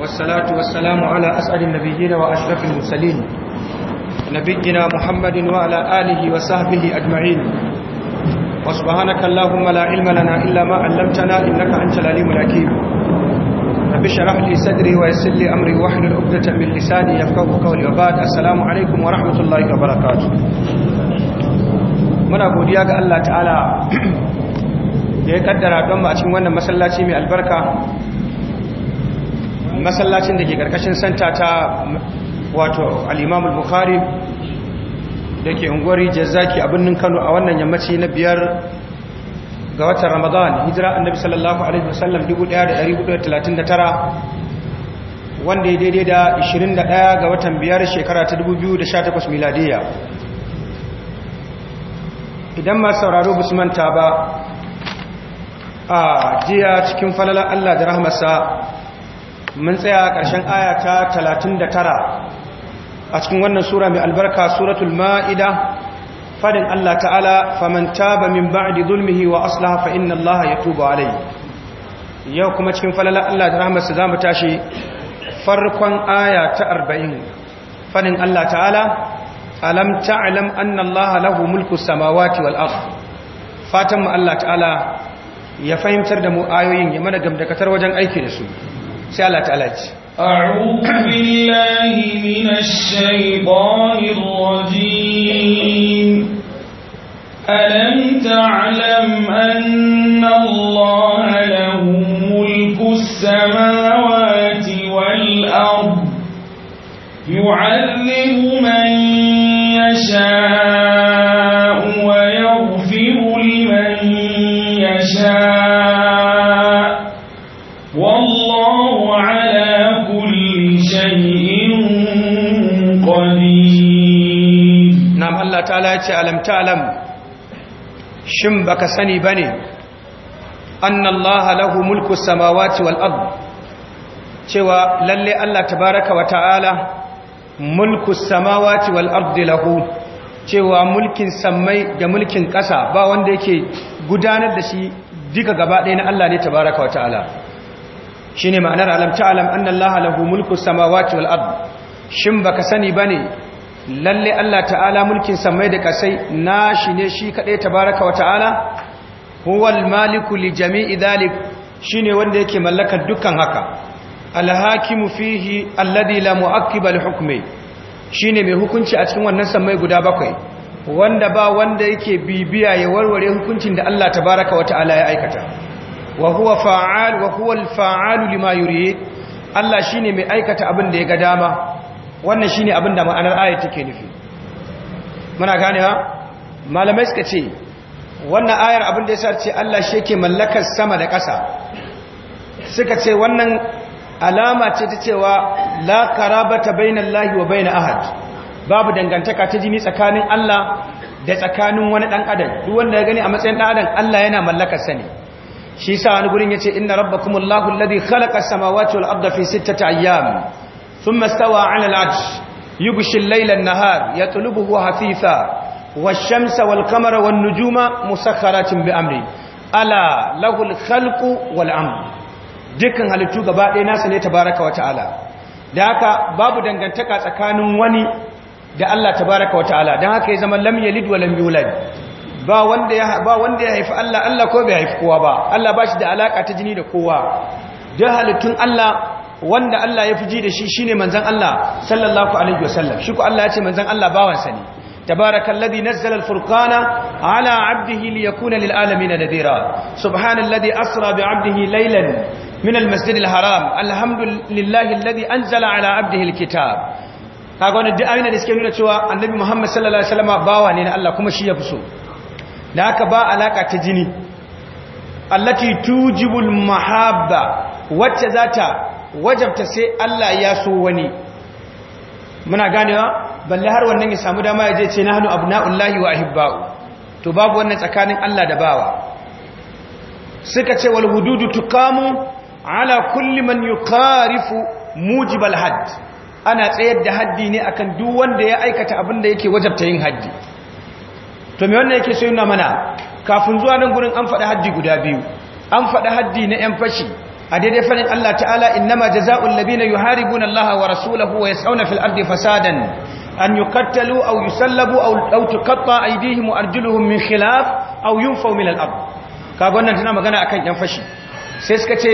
والصلاة والسلام على أسأل النبيين وأشرف المرسلين نبينا محمد وعلى آله وصحبه أجمعين وسبحانك اللهم لا علم لنا إلا ما علمتنا إنك أنت العليم الحكيم رب اشرح لي صدري ويسر لي أمري واحلل عقدة من لساني يفقهوا قولي وبعد السلام عليكم ورحمة الله وبركاته muna godiya ga Allah ta'ala da ya kaddara don mu a cikin wannan masallaci mai albarka masallacin da ke karkashin santa ta wato al'imamul bukhari da ke ungwari jazaki a birnin kano a wannan yammaci na biyar ga watan ramadan hijira annabi sallallahu alaihi wasallam 1439 wanda ya daidai da 21 ga watan biyar shekara ta 2018 miladiya idan masu sauraro ba manta ba a jiya cikin falalar allah da rahmasa mun tsaya ƙarshen aya ta 39 a cikin wannan sura mai albarka suratul ma'ida fadin Allah ta'ala faman taba min ba'di zulmihi wa aslaha fa inna Allah yatubu alayhi yau kuma cikin falala Allah da rahmarsa zamu tashi farkon aya ta 40 fadin Allah ta'ala alam ta'lam anna Allah lahu mulku samawati wal ardh fatan mu Allah ta'ala ya fahimtar da mu ayoyin ya mana gamdakatar wajen aiki da su شالت Allah أعوذ بالله من الشيطان الرجيم ألم تعلم أن الله له ملك السماوات والأرض يعذب من يشاء ce alam ta'lam shin baka sani bane anna allaha lahu mulku samawati wal ard cewa lalle Allah tabaaraka wa ta'ala mulku samawati wal ard lahu cewa mulkin samai da mulkin ƙasa ba wanda yake gudanar da shi duka gaba ɗaya na Allah ne tabaraka wa ta'ala shine ma'anar alam ta'lam anna allaha lahu mulku samawati wal ard shin baka sani bane lalle Allah ta'ala mulkin samai da kasai nashi ne shi kadai tabaraka wa ta'ala huwal maliku li jami'i dhalik shine wanda yake mallakar dukkan haka alhakimu fihi alladhi la mu'aqqiba li hukmi shine mai hukunci a cikin wannan samai guda bakwai wanda ba wanda yake bibiya ya warware hukuncin da Allah tabaraka wa ta'ala ya aikata wa huwa fa'al wa huwa al-fa'alu lima yuri Allah shine mai aikata abin da ya ga dama wannan ne abin da ma'anar ayat take nufi muna ganewa malamai suka ce wannan ayar abin da ya ce Allah shi ke mallakar sama da ƙasa suka ce wannan alama ce ta cewa la bata bainallahi wa bain ahad babu dangantaka ta jini tsakanin Allah da tsakanin wani ɗan adam duk wanda ya gani a matsayin ɗan adam Allah yana mallakar sa ne shi yasa wani gurin ce inna rabbakumullahu alladhi khalaqa as-samawati wal arda fi ta ayyam ثم استوى على العرش يغشي الليل النهار يطلبه حثيثا والشمس والقمر والنجوم مسخرات بأمره ألا له الخلق والأمر dukkan halittu gaba ɗaya nasa ne tabaraka wa ta'ala da haka babu dangantaka tsakanin wani da Allah tabaraka wa ta'ala don haka ya zama lam yalid wa lam yulad ba wanda ya haifi Allah Allah ko bai haifi kowa ba Allah ba shi da alaƙa ta jini da kowa Don halittun Allah wanda Allah ya fi ji da shi shine manzon Allah sallallahu alaihi wasallam shi ko Allah ya ce manzon Allah bawansa ne tabarakalladhi nazzala furkana ala 'abdihi liyakuna lil alamin nadira subhanalladhi asra bi laylan min al haram alhamdulillahi alladhi anzala ala 'abdihi al-kitab kaga wannan duk da suke nuna cewa annabi Muhammad sallallahu alaihi wasallam bawa ne na Allah kuma shi ya fi so da haka ba alaka ta jini allati tujibul mahabba wacce zata wajabta sai Allah ya so wani muna ganewa balle har wannan ya samu dama ya je ce nahnu abna'ullahi wa ahibba'u to babu wannan tsakanin Allah da bawa suka ce wal hududu tuqamu ala kulli man yuqarifu mujibal hadd ana tsayar da haddi ne akan duk wanda ya aikata abin da yake wajabta yin haddi to me wannan yake so yana mana kafin zuwa nan gurin an faɗa haddi guda biyu an faɗa haddi na 'yan fashi a daidai fanin Allah ta'ala innama jaza'ul ladina yuharibuna Allah wa rasulahu wa yas'una fil ardi fasadan an yuqattalu aw yusallabu aw aw tuqatta aydihim wa arjuluhum min khilaf aw yunfaw min al-ard kaga wannan tana magana akan yan fashi sai suka ce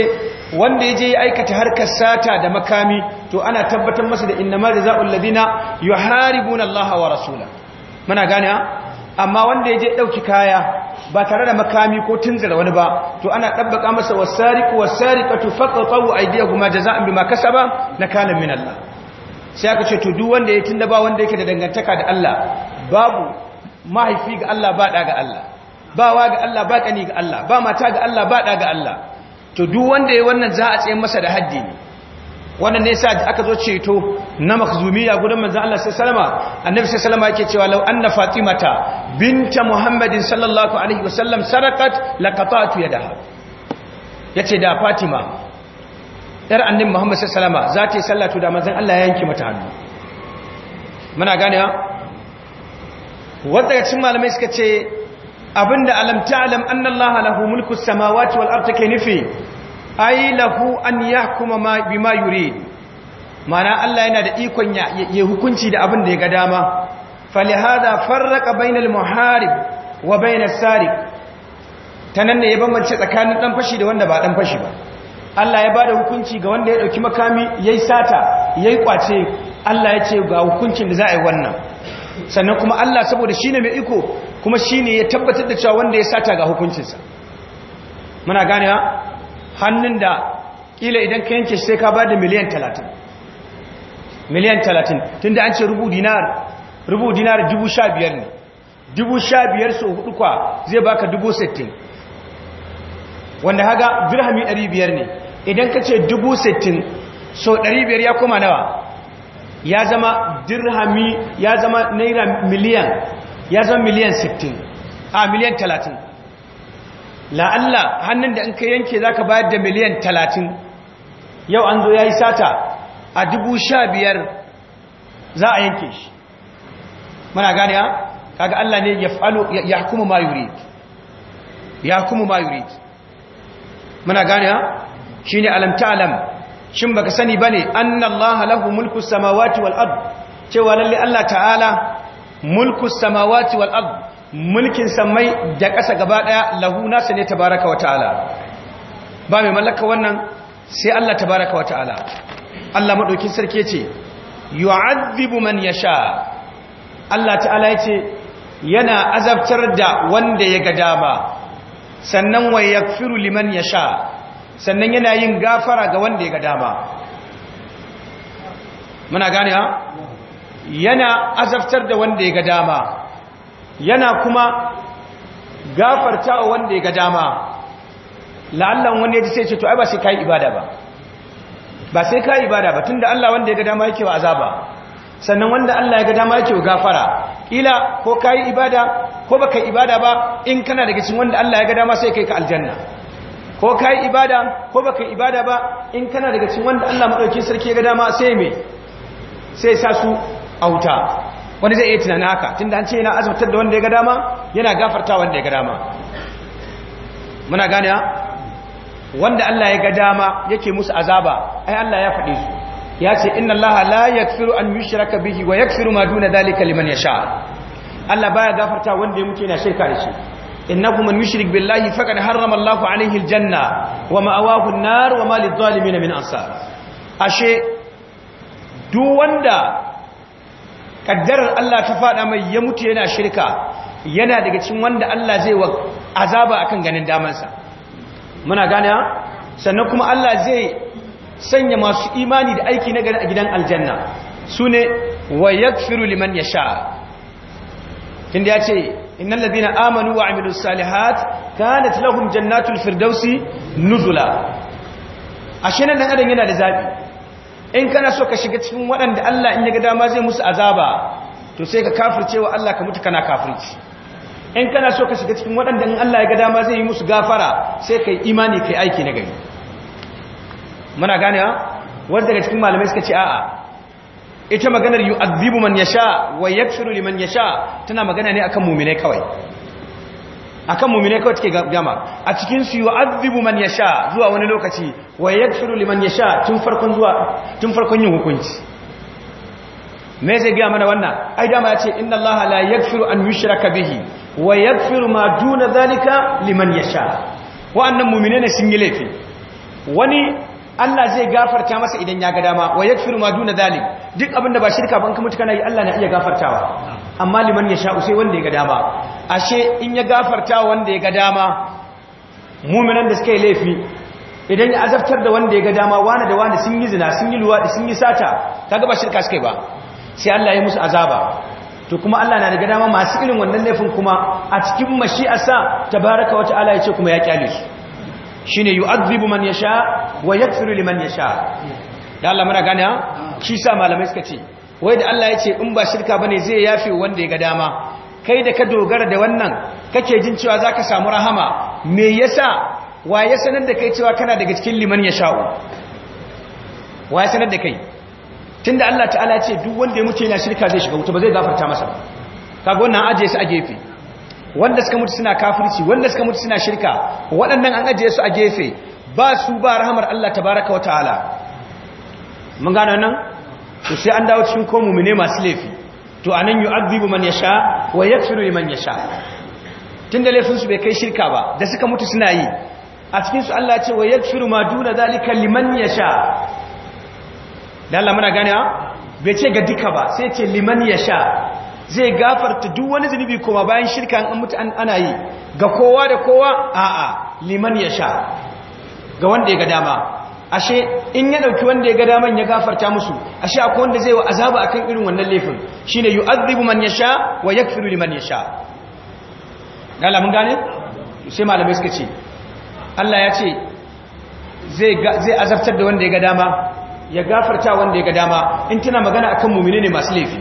wanda ya je ya aikata harkar sata da makami to ana tabbatar masa da innama da za'ul ladina yuharibuna Allah wa rasula muna gane amma wanda ya je ɗauki kaya ba tare da makami ko tunzira wani ba to ana ɗabbaƙa masa ka kuma jaza an bi ma kasa ba na kanan min Allah sai aka ce to duk wanda ya tunda ba wanda yake da dangantaka da Allah babu mahaifi ga Allah ba da ga Allah ba wa ga Allah ba ƙani ga Allah ba mata ga Allah ba da ga Allah to duk wanda ya wannan za a tsaye masa da haddi ne wannan ne yasa aka zo ceto na makhzumiya gudan manzon Allah sallama annabi sallama yake cewa law anna fatimata binta muhammadin sallallahu alaihi wasallam sarakat laqata'tu yadaha yace da fatima yar annabi muhammad sallama za ta yi sallatu da manzon Allah ya yanke mata hannu muna gane ha wanda ya cin malamai suka ce abinda alam ta'lam anna allaha lahu mulku samawati wal ardi kanifi ai lahu an yahkuma bima yurid mana Allah yana da ikon ya hukunci da abin da ya ga dama falihada farraka bainal muharib wa bainas sariq tanan ne ya bambance tsakanin dan fashi da wanda ba dan fashi ba Allah ya bada hukunci ga wanda ya dauki makami yayi sata yayi kwace Allah ya ce ga hukuncin da za a yi wannan sannan kuma Allah saboda shine mai iko kuma shine ya tabbatar da cewa wanda ya sata ga hukuncinsa muna ganewa hannun da kila idan ka yanke sai ka ba da miliyan talatin miliyan talatin tun da an ce rubu dinar rubu dinar dubu sha biyar ne dubu sha biyar su hudu kwa zai baka dubu sittin wanda haga dirhami ɗari biyar ne idan ka ce dubu sittin so ɗari biyar ya koma nawa ya zama dirhami ya zama naira miliyan ya zama miliyan sittin a miliyan talatin la'alla hannun da in ka yanke za ka bayar da miliyan talatin yau an zo ya yi sata a dubu sha biyar za a yanke shi mana gane ha kaga Allah ne ya kuma ma yurid ya kuma ma yurid mana gane ha shi ne alamta alam shin baka sani ba ne an Allah lahu mulkus samawati wal ard cewa lalle Allah ta'ala mulkus samawati wal ard mulkin samai da ƙasa gaba ɗaya lahu nasa ne tabaraka wa ta'ala ba mai mallaka wannan sai Allah tabaraka wa ta'ala Allah maɗaukin sarki ce yu'adhibu man yasha Allah ta'ala yace yana azabtar da wanda ya ga dama sannan wa yaghfiru liman yasha sannan yana yin gafara ga wanda ya ga dama muna gane ha yana azabtar da wanda ya ga dama yana kuma gafarta wa wanda ya ga dama la'allan wanda ya ji sai ce to ai ba sai kai ibada ba ba sai kai ibada ba tunda Allah wanda ya ga dama yake wa azaba sannan wanda Allah ya ga dama yake wa gafara kila ko kai ibada ko baka ibada ba in kana daga cikin wanda Allah ya ga dama sai kai ka aljanna ko kai ibada ko baka ibada ba in kana daga cikin wanda Allah madauki sarki ya ga dama sai me sai sa su auta wani zai iya tunanin haka da an ce yana azabtar da wanda ya ga dama yana gafarta wanda ya ga dama muna gane wanda Allah ya ga dama yake musu azaba ai Allah ya faɗi su ya ce inna Allah la yakfiru an yushraka bihi wa yakfiru ma duna dhalika liman yasha Allah baya gafarta wanda ya mutu yana shirka da shi innahu man yushrik billahi faqad harrama Allahu alayhi aljanna wa ma'awahu an-nar wa ma lidh-dhalimin min ansar ashe duk wanda kaddarar Allah ta faɗa mai ya mutu yana shirka yana daga cikin wanda Allah zai wa azaba akan ganin damansa muna gane sannan kuma Allah zai sanya masu imani da aiki na ganin a gidan aljanna sune wa yaghfiru liman yasha ya yace innal ladina amanu wa amilus salihat kanat lahum jannatul firdausi nuzula ashe nan dan adam yana da zaɓi. in kana so ka shiga cikin waɗanda Allah in ya ga dama zai musu azaba to sai ka kafirce wa Allah ka mutu kana kafirci in kana so ka shiga cikin waɗanda in Allah ya ga dama zai yi musu gafara sai ka yi imani kai aiki na gari muna gane ganewa wanda daga cikin malamai suka ce a'a ita maganar yu'adhibu man yasha wa yaghfiru liman yasha tana magana ne akan mu'minai kawai akan mu'mine kawai take gama a cikin su yu'adhibu man yasha zuwa wani lokaci wa yaghfiru liman yasha tun farkon tun farkon yin hukunci me zai gaya mana wannan ai dama ya ce inna allaha la yaghfiru an yushraka bihi wa yaghfiru ma duna zalika liman yasha wa'annan mu'mine ne sun yi laifi wani Allah zai gafarta masa idan ya ga dama wa yakfiru ma duna zalim duk abin da ba shirka ba ka kuma kana yi Allah na iya gafartawa amma liman ya sha sai wanda ya ga dama ashe in ya gafarta wanda ya ga dama mu'minan da suka yi laifi idan ya azabtar da wanda ya ga dama wani da wani sun yi zina sun yi luwa sun yi sata kaga ba shirka suka yi ba sai Allah ya musu azaba to kuma Allah na da dama masu irin wannan laifin kuma a cikin mashi'arsa tabaraka wata allah ya ce kuma ya kyale su ne shine yu'adhibu man sha wa yaghfiru liman yasha da Allah muna gane shi sa malamai suka ce wai da Allah ya ce in ba shirka ne zai yafe wanda ya ga dama kai da ka dogara da wannan kake jin cewa za ka samu rahama me ya sa wa ya sanar da kai cewa kana daga cikin liman ya sha'u wa ya sanar da kai Tun da Allah ta'ala ce duk wanda ya mutu yana shirka zai shiga wuta ba zai gafarta masa kaga wannan ajiye su a gefe wanda suka mutu suna kafirci wanda suka mutu suna shirka waɗannan an ajiye su a gefe ba su ba rahamar Allah tabaraka ta'ala mun gano nan to sai an dawo cikin komu mene masu laifi to anan yu'adhibu man yasha wa yaghfiru liman yasha tunda laifin su bai kai shirka ba da suka mutu suna yi a cikin su Allah ya ce wa yaghfiru ma duna zalika liman yasha da Allah muna gane bai ce ga duka ba sai ce liman yasha zai gafarta duk wani zunubi kuma bayan shirka an mutu ana yi ga kowa da kowa a'a liman ya sha ga wanda ya ga dama ashe in ya dauki wanda ya ga daman ya gafarta musu ashe akwai wanda zai wa azaba akan irin wannan laifin shine yu'adhibu man yasha wa yakfiru liman yasha mun gane sai malamai suka ce Allah ya ce zai azabtar da wanda ya ga dama ya gafarta wanda ya ga dama in tana magana akan mu'mini ne masu laifi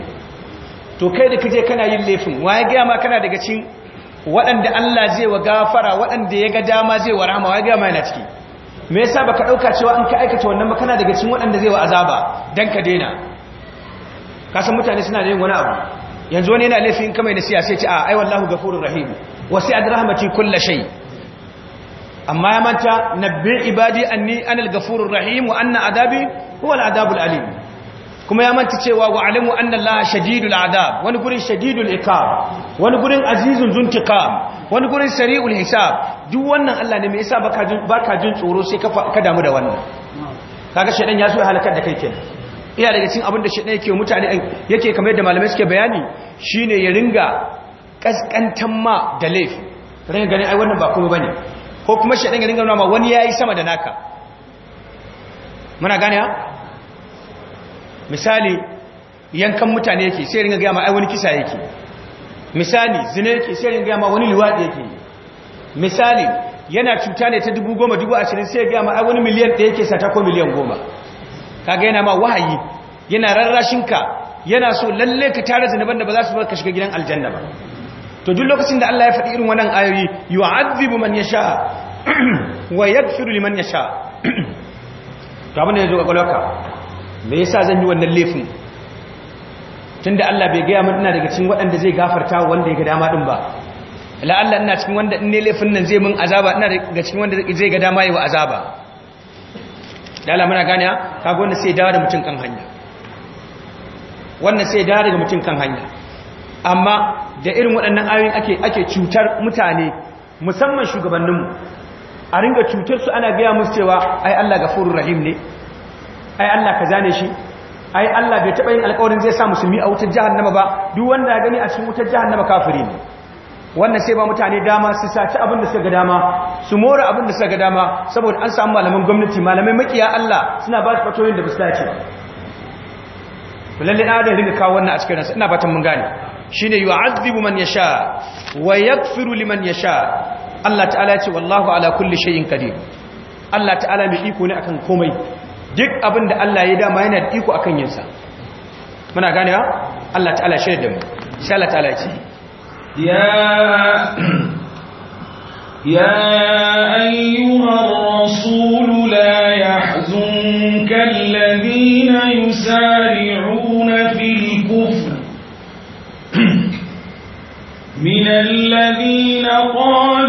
to kai da kaje kana yin laifin waye ga ma kana daga cin waɗanda Allah zai wa gafara waɗanda ya ga dama zai wa rahama waye ga ma yana ciki me yasa baka dauka cewa an ka aikata wannan ba kana daga cin waɗanda zai wa azaba dan ka daina ka san mutane suna da yin wani abu yanzu wani yana laifin kamar da siyasa ce a ai wallahu ghafurur rahim wasi'at rahmati kulle shay amma ya manta nabbi ibadi anni anal ghafurur rahim wa anna adabi huwa al adabul alim kuma ya manta cewa wa alimu annallaha shadidul adab wani gurin shadidul iqab wani gurin azizun zuntika wani gurin sari'ul hisab duk wannan Allah ne me yasa baka jin baka jin tsoro sai ka damu da wannan kaga shedan ya so ya halakar da kai kenan iya daga cikin abin da shedan yake mutane yake kamar yadda malamai suke bayani shine ya ringa kaskantan ma da laifi ringa ganin ai wannan ba kuma bane ko kuma shedan ya ringa nuna ma wani yayi sama da naka muna gane ha misali yankan mutane yake sai ringa gaya ma ai wani kisa yake misali zina yake sai ringa gaya ma wani liwaɗi yake misali yana cuta ne ta dubu goma dubu ashirin sai gaya ma ai wani miliyan ɗaya ke sata ko miliyan goma kaga yana ma wahayi yana rarrashinka yana so lalle ka tare zinaban da ba za su bar ka shiga gidan aljanna ba to duk lokacin da Allah ya faɗi irin wannan ayoyi yu'adhibu man yasha wa yaghfiru liman yasha to abin da ya zo ga kwalwarka me yasa zan yi wannan laifin tunda Allah bai gaya min ina daga cikin waɗanda zai gafarta wanda ya ga dama din ba la Allah ina cikin wanda in ne laifin nan zai mun azaba ina daga cikin wanda zai ga dama yi wa azaba da Allah muna gane kaga wanda sai dawo da mutum kan hanya wannan sai dawo daga mutum kan hanya amma da irin waɗannan ayoyin ake ake cutar mutane musamman shugabanninmu a ringa cutar su ana gaya musu cewa ai Allah gafurur rahim ne ai Allah ka zane shi ai Allah bai taɓa yin alƙawarin zai sa musulmi a wutar jahannama ba duk wanda ya gani a cikin wutar jahannama kafiri ne wannan sai ba mutane dama su saci abin da suka ga dama su mora abin da suka ga dama saboda an samu malaman gwamnati malamai makiya Allah suna ba su fatoyin da ba su dace ba lalle na da rinka kawo wannan a cikin ina fatan mun gane shine yu'azzibu man yasha wa yaghfiru liman yasha Allah ta'ala ya ce wallahu ala kulli shay'in qadir Allah ta'ala mai iko ne akan komai duk abin da Allah ya dama yana iko akan yinsa muna gane ganewa Allah ta'ala shaida mu sai Allah ta'ala ce ya ya ayyuhar rasul la yahzunka alladhina yusari'una fil kufr min alladhina qala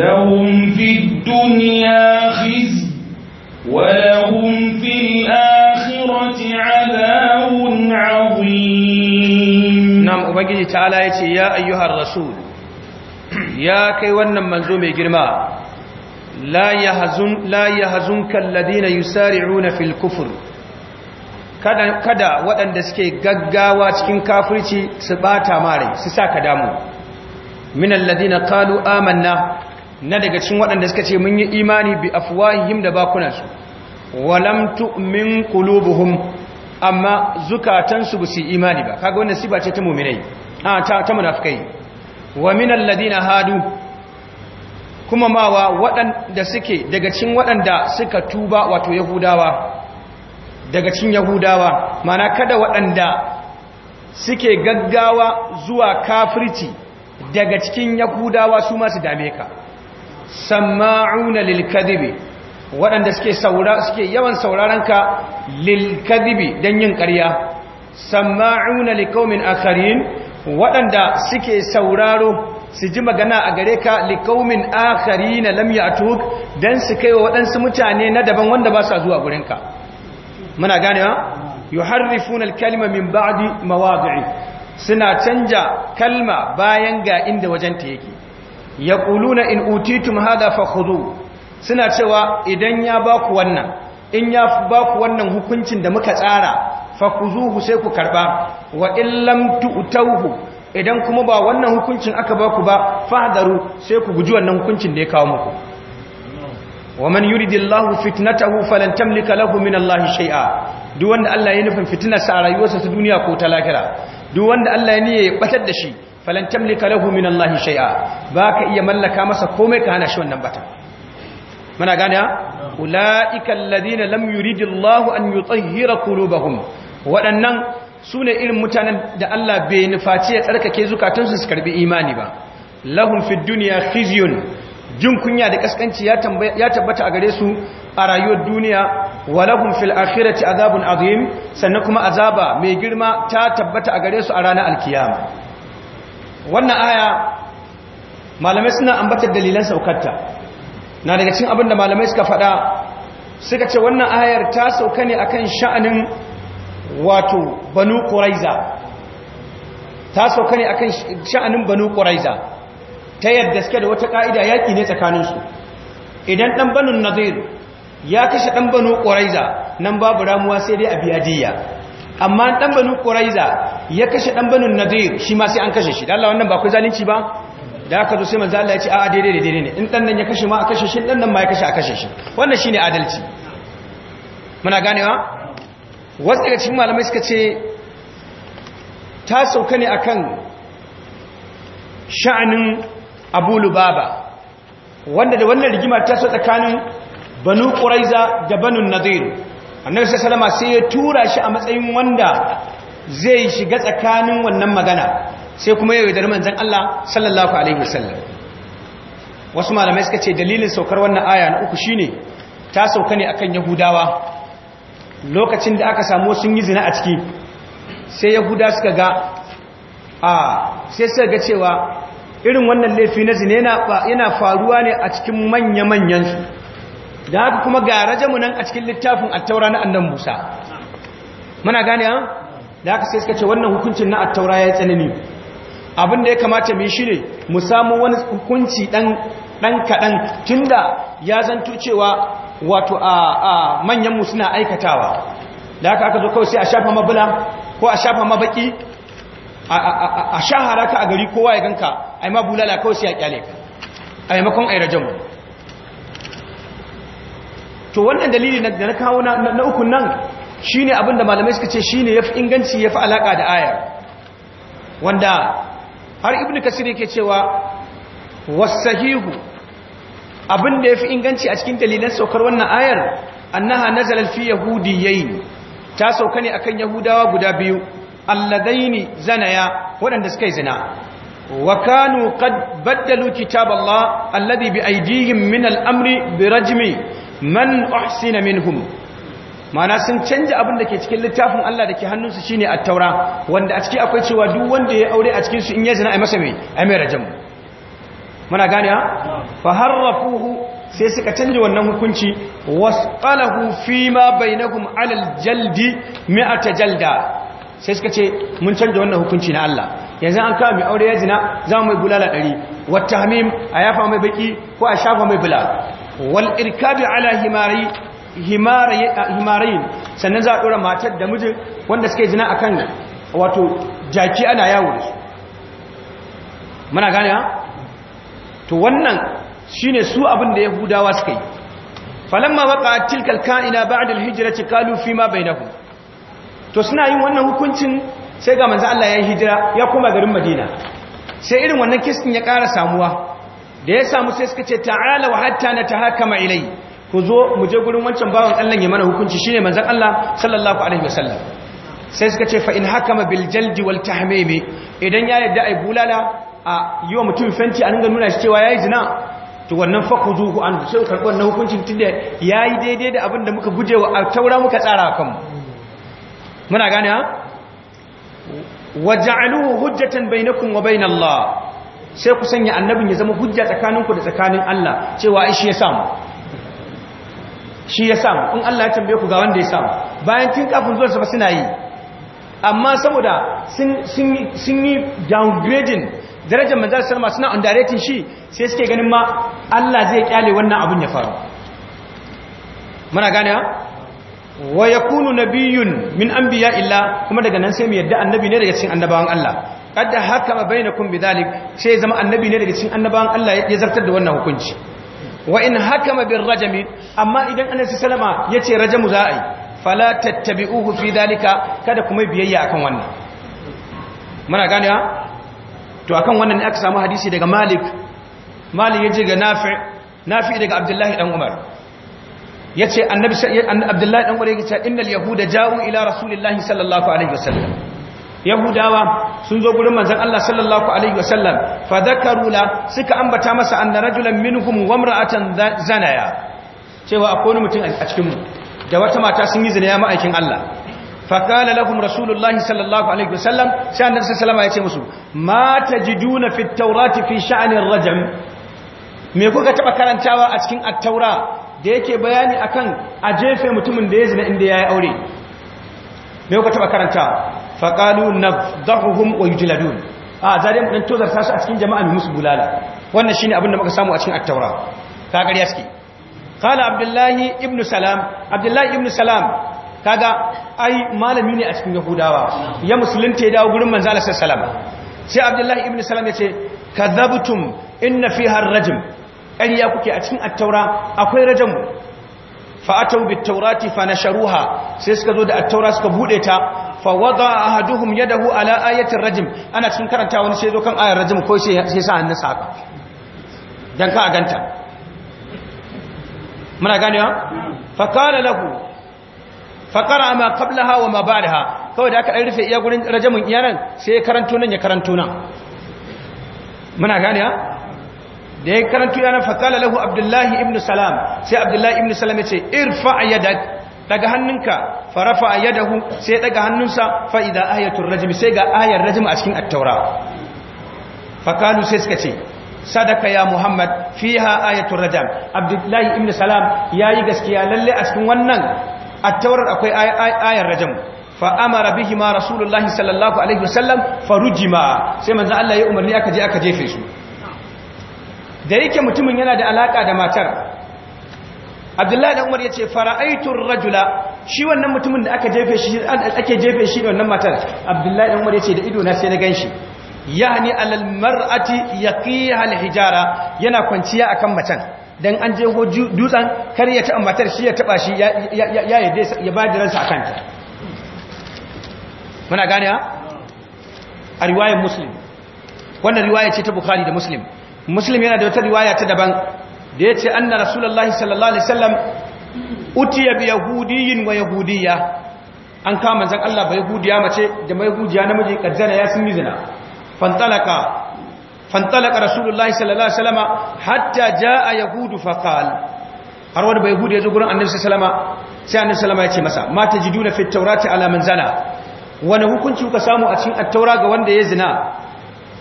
لهم في الدنيا خزي ولهم في الآخرة عذاب عظيم نعم أبقي تعالى يتي يا أيها الرسول يا كيوانا منزوم جرما لا يهزن لا يهزنك الذين يسارعون في الكفر kada kada waɗanda suke gaggawa cikin kafirci su bata mare su saka damu min alladhina qalu amanna na daga cin waɗanda suka ce mun yi imani bi afwahihim da bakunansu walam tu'min qulubuhum amma zukatansu ba su imani ba kaga wannan siba ce ta mu'minai a ah, ta ta munafikai wa min alladina hadu kuma mawa waɗanda suke daga cin waɗanda suka tuba wato yahudawa daga cikin yahudawa mana kada waɗanda suke gaggawa zuwa kafirci daga cikin yahudawa su masu dame ka sama'una lil kadhibi waɗanda suke saura suke yawan sauraron ka lil kadhibi dan yin ƙarya sama'una liqaumin akharin waɗanda suke sauraro su ji magana a gare ka likaumin akari na lamya a don su kai wa waɗansu mutane na daban wanda ba su zuwa ka. muna ganewa ha yi harrifun min ba'adi mawadi'i suna canja kalma bayan ga inda wajenta yake Ya na in utitum hada fahudu suna cewa idan ya baku wannan in ya baku wannan hukuncin da muka tsara fakhuzuhu sai ku karɓa wa in tu'tauhu idan kuma ba wannan hukuncin aka baku ba fahdaru sai ku guji wannan hukuncin da ya kawo muku waman yuridillahu fitnatahu falan tamlika lahu min Allah shay'a duk wanda Allah ya nufin sa a rayuwarsa ta duniya ko ta lahira duk wanda Allah ya niyya ya batar da shi falan tamlika lahu min Allah shay'a baka iya mallaka masa komai ka hana shi wannan bata muna gane ulaika alladhina lam yurid Allah an yutahhira qulubahum wadannan sune irin mutanen da Allah bai nufaci ya tsarkake zukatansu su karbi imani ba lahum fid dunya khizyun jin kunya da kaskanci ya tabbata a gare su a rayuwar duniya walahum fil akhirati azabun azim sannan kuma azaba mai girma ta tabbata a gare su a ranar alkiyama wannan aya malamai suna ambatar dalilan saukarta na daga cin abinda malamai suka faɗa suka ce wannan ayar ta sauka ne akan sha'anin wato banu ƙuraiza ta sauka ne akan sha'anin banu ƙuraiza ta yadda suke da wata ƙa'ida yaƙi ne tsakaninsu idan ɗan banun nazir ya kashe ɗan banu ƙuraiza nan babu ramuwa sai dai a biya amma dan banu quraiza ya kashe dan banu nadir shi ma sai an kashe shi dan Allah wannan ba ku zalunci ba da aka zo sai manzo Allah ya ce a daidai da daidai ne in dan ya kashe ma a kashe shi dan nan ma ya kashe a kashe shi wannan shine adalci muna ganewa wasu daga cikin malamai suka ce ta sauka ne kan sha'anin Abu Lubaba wanda da wannan rigima ta so tsakanin Banu Quraiza da Banu Nadir annabi sallama sai ya tura shi a matsayin wanda zai shiga tsakanin wannan magana sai kuma ya yaudar manzon Allah sallallahu alaihi wasallam wasu malamai suka ce dalilin saukar wannan aya na uku shine ta sauka ne akan yahudawa lokacin da aka samu sun yi zina a ciki sai yahuda suka ga a sai suka ga cewa irin wannan laifi na zina yana faruwa ne a cikin manya-manyan da haka kuma ga rajamu nan a cikin littafin attaura na annan musa muna gane ha da haka sai suka ce wannan hukuncin na attaura ya tsanani abin da ya kamata mu shi ne mu samu wani hukunci dan kaɗan tunda ya zanto cewa wato a manyan mu suna aikatawa da haka aka zo kawai sai a shafa mabula ko a shafa mabaki a shahara ka a gari kowa ya ganka a yi mabulala kawai sai a kyale ka a makon a yi rajamu to wannan dalili da na kawo na uku nan shine abin da malamai suka ce shine yafi inganci yafi alaka da ayar wanda har ibnu kasir yake cewa wasahihu abin da yafi inganci a cikin dalilan saukar wannan ayar annaha nazala fi yahudiyyin ta sauka ne akan yahudawa guda biyu alladaini zanaya waɗanda suka yi zina wa kanu qad baddalu kitaballah alladhi bi aydihim min al-amri bi rajmi man uhsina minhum mana sun canja abin da ke cikin littafin Allah da ke hannunsu shine at-taura wanda a ciki akwai cewa duk wanda ya aure a cikin su in ya zina ai masa mai ai mai rajam muna gane ha fa harrafuhu sai suka canja wannan hukunci wasqalahu ma bainakum alal jaldi mi'ata jalda sai suka ce mun canja wannan hukunci na Allah yanzu an kawo mai aure ya zina za mu yi bulala ɗari wata hamim a yafa mai baki ko a shafa mai bula wal irkabi ala himarayin sannan za a ɗora matar da mijin wanda suke jina akan wato jaki ana yawo da gane to wannan shine su abin da yahudawa suka yi falamma waqa tilkal ka'ina ba'da alhijrati qalu fima bainahum to suna yin wannan hukuncin sai ga manzo Allah ya yi hijira ya koma garin Madina sai irin wannan kisin ya ƙara samuwa da ya samu sai suka ce ta'ala wa hatta na tahakama ilai ku zo mu je gurin wancan bawan Allah ya mana hukunci shine manzan Allah sallallahu alaihi wasallam sai suka ce fa in hakama bil jaldi wal tahmimi idan ya yadda ai bulala a yiwa mutum fenti a ringa nuna shi cewa ya yi zina to wannan fa ku zuhu an sai karɓar na hukuncin ya yayi daidai da abin da muka wa a taura muka tsara kanmu muna gane ha waja'aluhu hujjatan bainakum wa bainallah sai ku sanya annabin ya zama hujja tsakaninku da tsakanin Allah cewa ai shi ya samu shi ya samu in Allah ya tambaye ku ga wanda ya samu bayan tun kafin zuwa sa suna yi amma saboda sun yi downgrading darajar manzal salma suna underrating shi sai suke ganin ma Allah zai kyale wannan abun ya faru muna gane wa yakunu nabiyyun min biya illa kuma daga nan sai mu yadda annabi ne daga cikin annabawan Allah Kada haka qad hakama bainakum bidhalik sai zama annabi ne daga cikin annabawan Allah ya zartar da wannan hukunci wa in haka ma bir rajami amma idan annabi sallama ce rajamu za a yi fala tattabi'uhu fi dhalika kada kuma biyayya akan wannan muna gane to akan wannan ne aka samu hadisi daga Malik Malik yaje ga Nafi Nafi daga Abdullahi dan Umar yace annabi Abdullahi dan Umar ya yace innal yahuda ja'u ila rasulillahi sallallahu alaihi wasallam yahudawa sun zo gurin manzon Allah sallallahu alaihi wasallam fa dhakaru la suka ambata masa anna rajulan minhum wa zanaya cewa akwai wani mutum a cikin da wata mata sun yi zina ma'aikin Allah fa qala lahum rasulullahi sallallahu alaihi wasallam sai annabi sallallahu alaihi ya ce musu ma tajiduna fit tawrati fi sha'ni ar-rajm me kuka taba karantawa a cikin at-taura da yake bayani akan a jefe mutumin da ya zina inda yayi aure me kuka taba karantawa faƙalu na zahuhun oyujiladun a ah, zare mu tozar sasu a cikin jama'a mai musu bulala wannan shine abin da muka samu a cikin attaura ka ƙarya suke abdullahi Ibn salam abdullahi Ibn salam kaga ai malami ne a cikin yahudawa ya musulunta ya dawo gurin manzo Allah sallallahu sai abdullahi Ibn salam ya ce in na fi har rajim. ƙarya kuke a cikin attaura akwai rajamu fa atau bit tawrati fa nasharuha sai suka zo da attaura suka bude ta fa wada ahaduhum yadahu ala ayatir rajim ana cikin karanta wani sai kan ayar rajim ko shi sai sa hannunsa haka dan ka ganta muna ganewa fa qala lahu fa qara ma qablaha wa ma ba'daha kawai da aka dan rufe iya gurin rajimin iyanan sai ya karanto nan ya karanto nan muna ganewa da ya karanto yana fakala lahu abdullahi ibn salam sai abdullahi ibn salam ya ce irfa yadak daga hannunka farafa yadahu sai daga hannunsa fa'ida idza ayatul sai ga ayar rajim a cikin at fakalu sai suka ce sadaka ya muhammad fiha ayatul rajam. abdullahi ibn salam yi gaskiya lalle a cikin wannan attaurar akwai ayar rajm fa amara bihima rasulullahi sallallahu alaihi wasallam farujima sai manzo Allah ya umarni aka je aka jefe su da yake mutumin yana da alaka da matar abdullahi da umar yace fara'aitu rajula shi wannan mutumin da aka jefe shi ake jefe shi wannan matar abdullahi da umar yace da ido na sai na ganshi yani alalmarati mar'ati yaqiha al hijara yana kwanciya akan macen dan an je go dutsen kar ya taɓa matar shi ya taɓa shi ya ya ya ba da ransa akan ta muna gane a riwayar muslim wannan riwaya ce ta bukhari da muslim muslim yana da wata riwaya ta daban da ya ce anna rasulullahi sallallahu alaihi wasallam utiya bi yahudiyin wa Yahudiyya an kama zan Allah ba yahudiya mace da mai yahudiya namiji kadzana ya sun mizina fantalaka fantalaka rasulullahi sallallahu alaihi wasallam hatta jaa yahudu faqal har wani bai yahudu ya zo gurin annabi sallama sai annabi sallama ya ce masa ma tajiduna fit tawrati ala manzala wani hukunci kuka samu a cikin at-taura ga wanda ya zina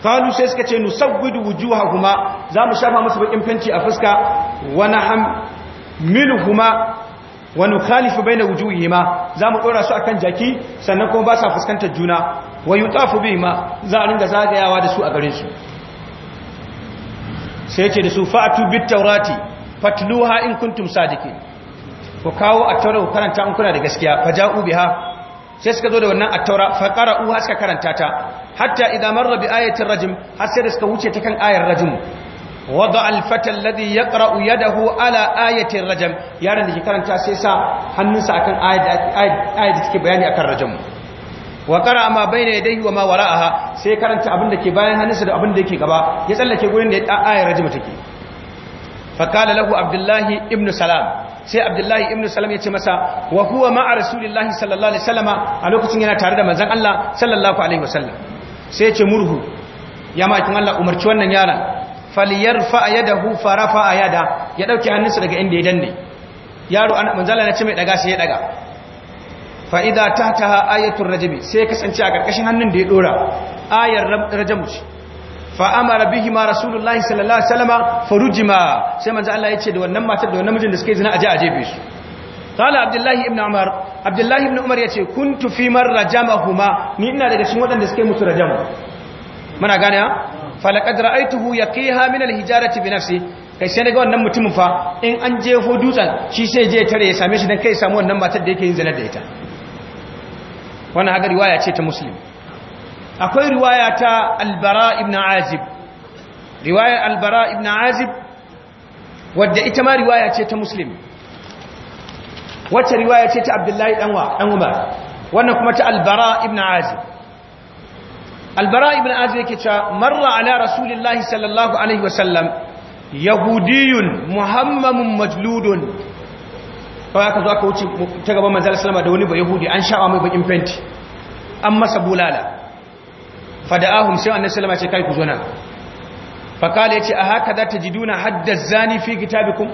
kalu sai suka ce nu kuma za mu shafa musu bakin fenti a fuska wa nahmiluhuma wa nukhalifu ma. Za mu dora su akan jaki sannan kuma ba sa fuskantar juna wa yutafu ma za a ringa zagayawa da su a garin su sai ce da su fa'atu bit tawrati fatluha in kuntum sadiqin ku kawo a taurau karanta in kuna da gaskiya faja'u biha sai suka zo da wannan attaura faqara uha suka karanta ta hatta idan marra bi ayatin rajim har sai da suka wuce ta kan ayar rajim wada ya alladhi yaqra'u yadahu ala ayatin rajim yaron da ke karanta sai sa hannunsa akan ayat da take bayani akan rajim wa qara'a ma bayna yadayhi wa ma wara'aha sai karanta abin da ke bayan hannunsa da abin da yake gaba ya tsallake gurin da ayar rajim take fa qala lahu abdullahi ibnu salam sai abdullahi ibn salam ya ce masa wa huwa ma'a rasulillahi sallallahu alaihi wasallama a lokacin yana tare da manzon Allah sallallahu alaihi wasallam sai ya ce murhu ya makin Allah umarci wannan yaron falyarfa yadahu farafa yada ya dauke hannunsa daga inda ya danne yaro an Allah na ce mai daga sai ya daga fa idza tahtaha ayatul rajmi sai ya kasance a karkashin hannun da ya dora ayar rajmi fa amara bihi ma rasulullahi sallallahu alaihi wasallam farujima sai manzo Allah ce da wannan matar da wannan mijin da suke zina aje aje be su qala abdullahi ibn umar abdullahi ibn umar yace kuntu fi man huma ni ina daga cikin waɗanda suke musu rajama muna gane falaqad ra'aytuhu yaqiha min alhijarati bi nafsi kai sai daga wannan mutumin fa in an jefo dutsen shi sai je tare ya same shi dan kai samu wannan matar da yake yin zina da ita wannan haga riwaya ce ta muslim akwai riwaya ta albara ibn azib riwaya albara ibn azib wadda ita ma riwaya ce ta muslim wacce riwaya ce ta abdullahi danwa dan umar wannan kuma ta albara ibn azib albara ibn azib yake cewa marra ala rasulillahi sallallahu alaihi wa sallam. yahudiyun muhammamun majludun kawai aka zo aka wuce ta gaban manzala salama da wani ba yahudi an sha'a mai bakin fenti an masa bulala fada'ahum sai annabi sallama ce kai ku zo nan yace a haka za ta jiduna hadda zani fi kitabikum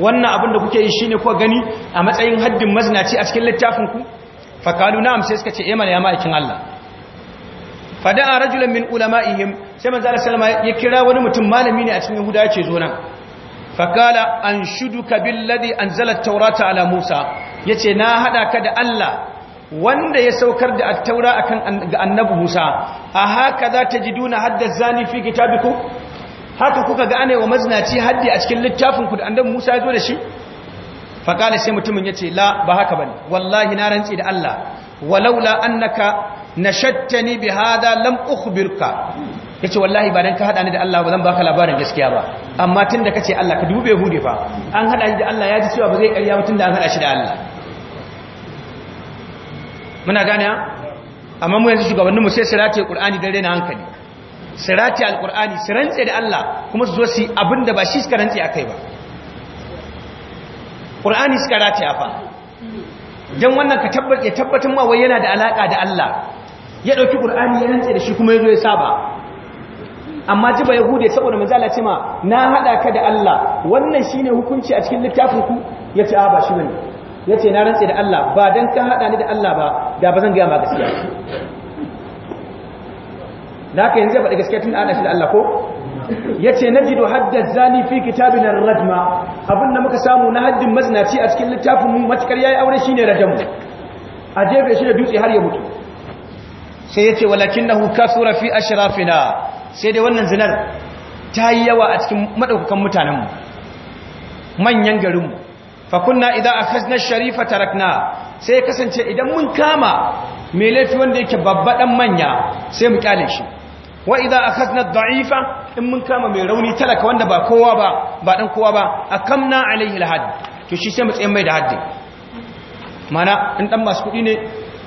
wannan abin da kuke yi shine ko gani a matsayin haddin maznaci a cikin littafin ku fa kalu na'am sai suka ce eh malama ya Allah fada'a rajulan min ulama'ihim sai manzo sallama ya kira wani mutum malami ne a cikin Yahuda ce zo fakala fa kala anshuduka billadhi anzala tawrata taurata ala Musa yace na hada ka da Allah wanda ya saukar da attaura akan ga annabi Musa a haka za ta ji duna hadda zani fi kitabiku haka kuka ga anewa maznaci haddi a cikin littafin ku da annabi Musa ya zo da shi fa kana sai mutumin yace la ba haka bane wallahi na rantsi da Allah walaula annaka nashattani bi hada lam ukhbirka yace wallahi ba dan ka hada ni da Allah ba zan baka labarin gaskiya ba amma tunda kace Allah ka dube hude fa an hada shi da Allah ya ji cewa ba zai ƙarya ba tunda an hada shi da Allah muna gane amma mu yanzu shugabanninmu sai sirati rataye ƙur'ani don rena hankali sirati alkur'ani alƙur'ani su rantse da Allah kuma su zo su abin da ba shi suka rantse a kai ba ƙur'ani suka rati a fa don wannan ka tabbatar ma wai yana da alaƙa da Allah ya ɗauki ƙur'ani ya rantse da shi kuma ya zo ya saba amma jiba yahude saboda manzala ce ma na haɗa ka da Allah wannan shine hukunci a cikin littafin ku yace a ba shi bane ya ce na rantse da Allah ba don ka haɗa ni da Allah ba da ba zan gaya ma gaskiya da aka yanzu ya faɗi gaskiya tun da ana shi da Allah ko ya ce na jido haddar zani fi kitabin rajma abin da muka samu na haddin mazinaci a cikin littafin mu matukar ya yi aure shi ne rajamu a jefe shi da dutse har ya mutu sai ya ce walakin na huka tsura fi ashirafina sai dai wannan zinar ta yi yawa a cikin maɗaukakan mutanenmu manyan garinmu fakunna idan a na sharifa tarakna sai ya kasance idan mun kama mai laifi wanda yake babbaɗan manya sai mu kyale shi wa idan a na da'ifa in mun kama mai rauni talaka wanda ba kowa ba ba ɗan kowa ba a kamna alaihi lahadi to shi sai mu tsayin mai da haddi mana in ɗan masu kuɗi ne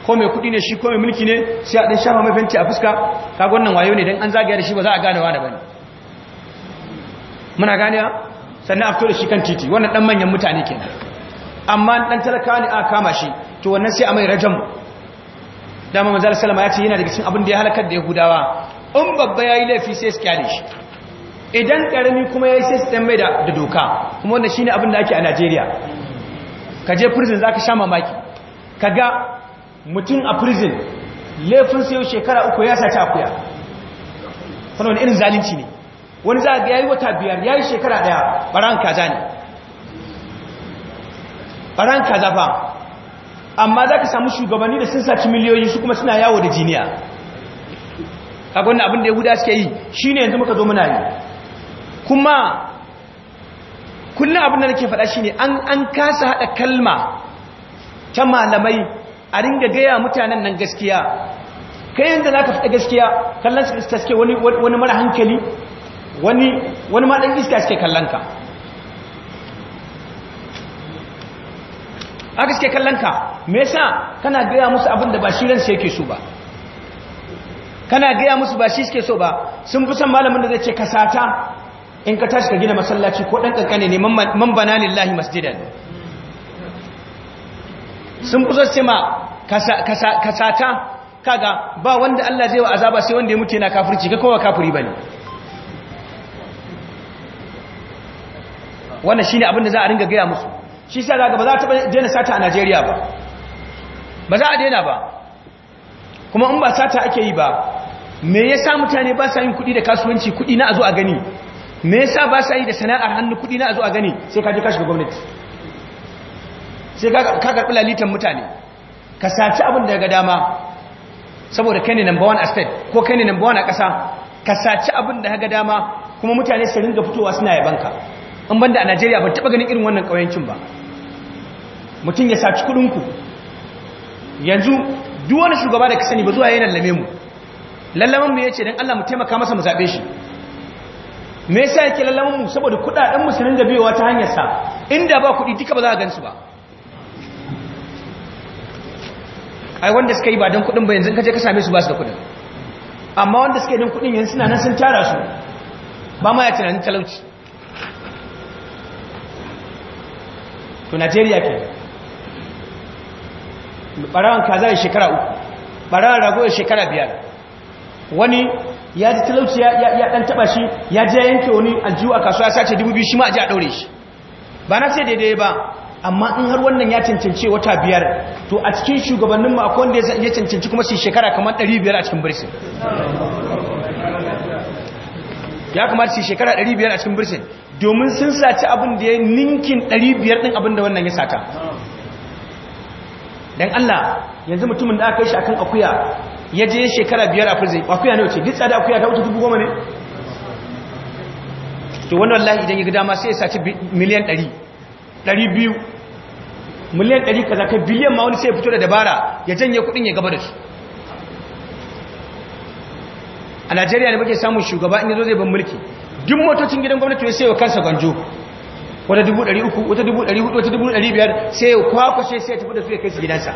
ko mai kuɗi ne shi ko mai mulki ne sai a ɗan shafa mai fenti a fuska kaga wannan wayo ne don an zagaya da shi ba za a ganewa da bane muna ganewa sannan a fito da shi kan titi wannan dan manyan mutane kenan amma dan talakawa ne aka kama shi to wannan sai a mai rajam dama manzal sallama ya ce yana daga cikin abin da ya halakar da yahudawa in babba yayi laifi sai su kyale shi idan karami kuma yayi sai su dan mai da doka kuma wannan shine abin da ake a Najeriya ka je prison zaka sha mamaki kaga mutum a prison laifin sai shekara uku ya sace akuya wannan irin zalunci ne wani za a ga yayi wata biyar yayi shekara daya baran kaza ne baran kaza ba amma za ka samu shugabanni da sun saci miliyoyi su kuma suna yawo da jiniya a gwanin abin da ya guda suke yi shi ne yanzu muka zo muna yi kuma kullum abin da nake faɗa shi ne an kasa haɗa kalma ta malamai a ringa gaya mutanen nan gaskiya kai da za ka faɗa gaskiya kallon su iskaske wani mara hankali wani wani ma dan iska suke kallon ka aka suke kallon ka me yasa kana gaya musu abin da ba shi ransa yake so ba kana gaya musu ba shi suke so ba sun fi malamin da zai ce ka sata in ka tashi ka gina masallaci ko dan kankane ne man bana lillahi masjidan sun fi ma ka sata kaga ba wanda Allah zai wa azaba sai wanda ya mutu yana kafirci ka kowa ba ne. wannan shine abin da za a ringa gaya musu shi sai daga ba za ta daina sata a Najeriya ba ba za a daina ba kuma in ba sata ake yi ba me yasa mutane ba sa yin kuɗi da kasuwanci kuɗi na azo a gani me yasa ba sa yi da sana'ar hannu kuɗi na azo a gani sai ka je ka shiga gwamnati sai ka karɓi lalitan mutane ka saci abin daga dama saboda kai ne number one a state ko kai ne number one a kasa ka saci abin da haga dama kuma mutane su ringa fitowa suna yabanka an banda a najeriya ban taba ganin irin wannan kawancin ba mutum ya saci kudinku yanzu duk wani shugaba da kasani sani ba zuwa yayin lallame mu lallaman mu ce don Allah mu taimaka masa mu zabe shi me sa yake lallaman mu saboda kudaden musulun da biyowa ta hanyar sa inda ba kudi duka ba za a gansu ba ai wanda suka yi ba dan kudin ba yanzu kaje ka same su ba su da kudin amma wanda suka yi dan kudin yanzu suna nan sun tara su ba ma ya tunanin talauci to najeriya ke za kaza yi shekara uku ɓarawan rago ya shekara biyar wani ya ji talauci ya ɗan taɓa shi ya ji ya yanke wani aljihu a kasuwa ya sace dubu biyu shi ma a ji a ɗaure shi ba na sai daidai ba amma in har wannan ya cancanci wata biyar to a cikin shugabanninmu akwai wanda ya cancanci kuma su shekara kamar ɗari biyar a cikin birsin ya kamata su shekara ɗari biyar a cikin birsin domin sun saci abin da ya ninkin 500 din abin da wannan ya sata dan Allah yanzu mutumin da aka yi shi akan akuya ya je shekara biyar a prison akuya ne wace duk tsada akuya ta wuce dubu goma ne to wannan wallahi idan ya ga dama sai ya saci miliyan 100 200 miliyan 100 kaza kai biliyan ma wani sai ya fito da dabara ya janye kudin ya gaba da su a najeriya ne bake samun shugaba in yazo zai ban mulki duk motocin gidan gwamnati sai wa kansa gwanjo wata dubu uku wata dubu dari hudu wata dubu dari biyar sai ya kwakwashe sai ya tafi da su ya kai su gidansa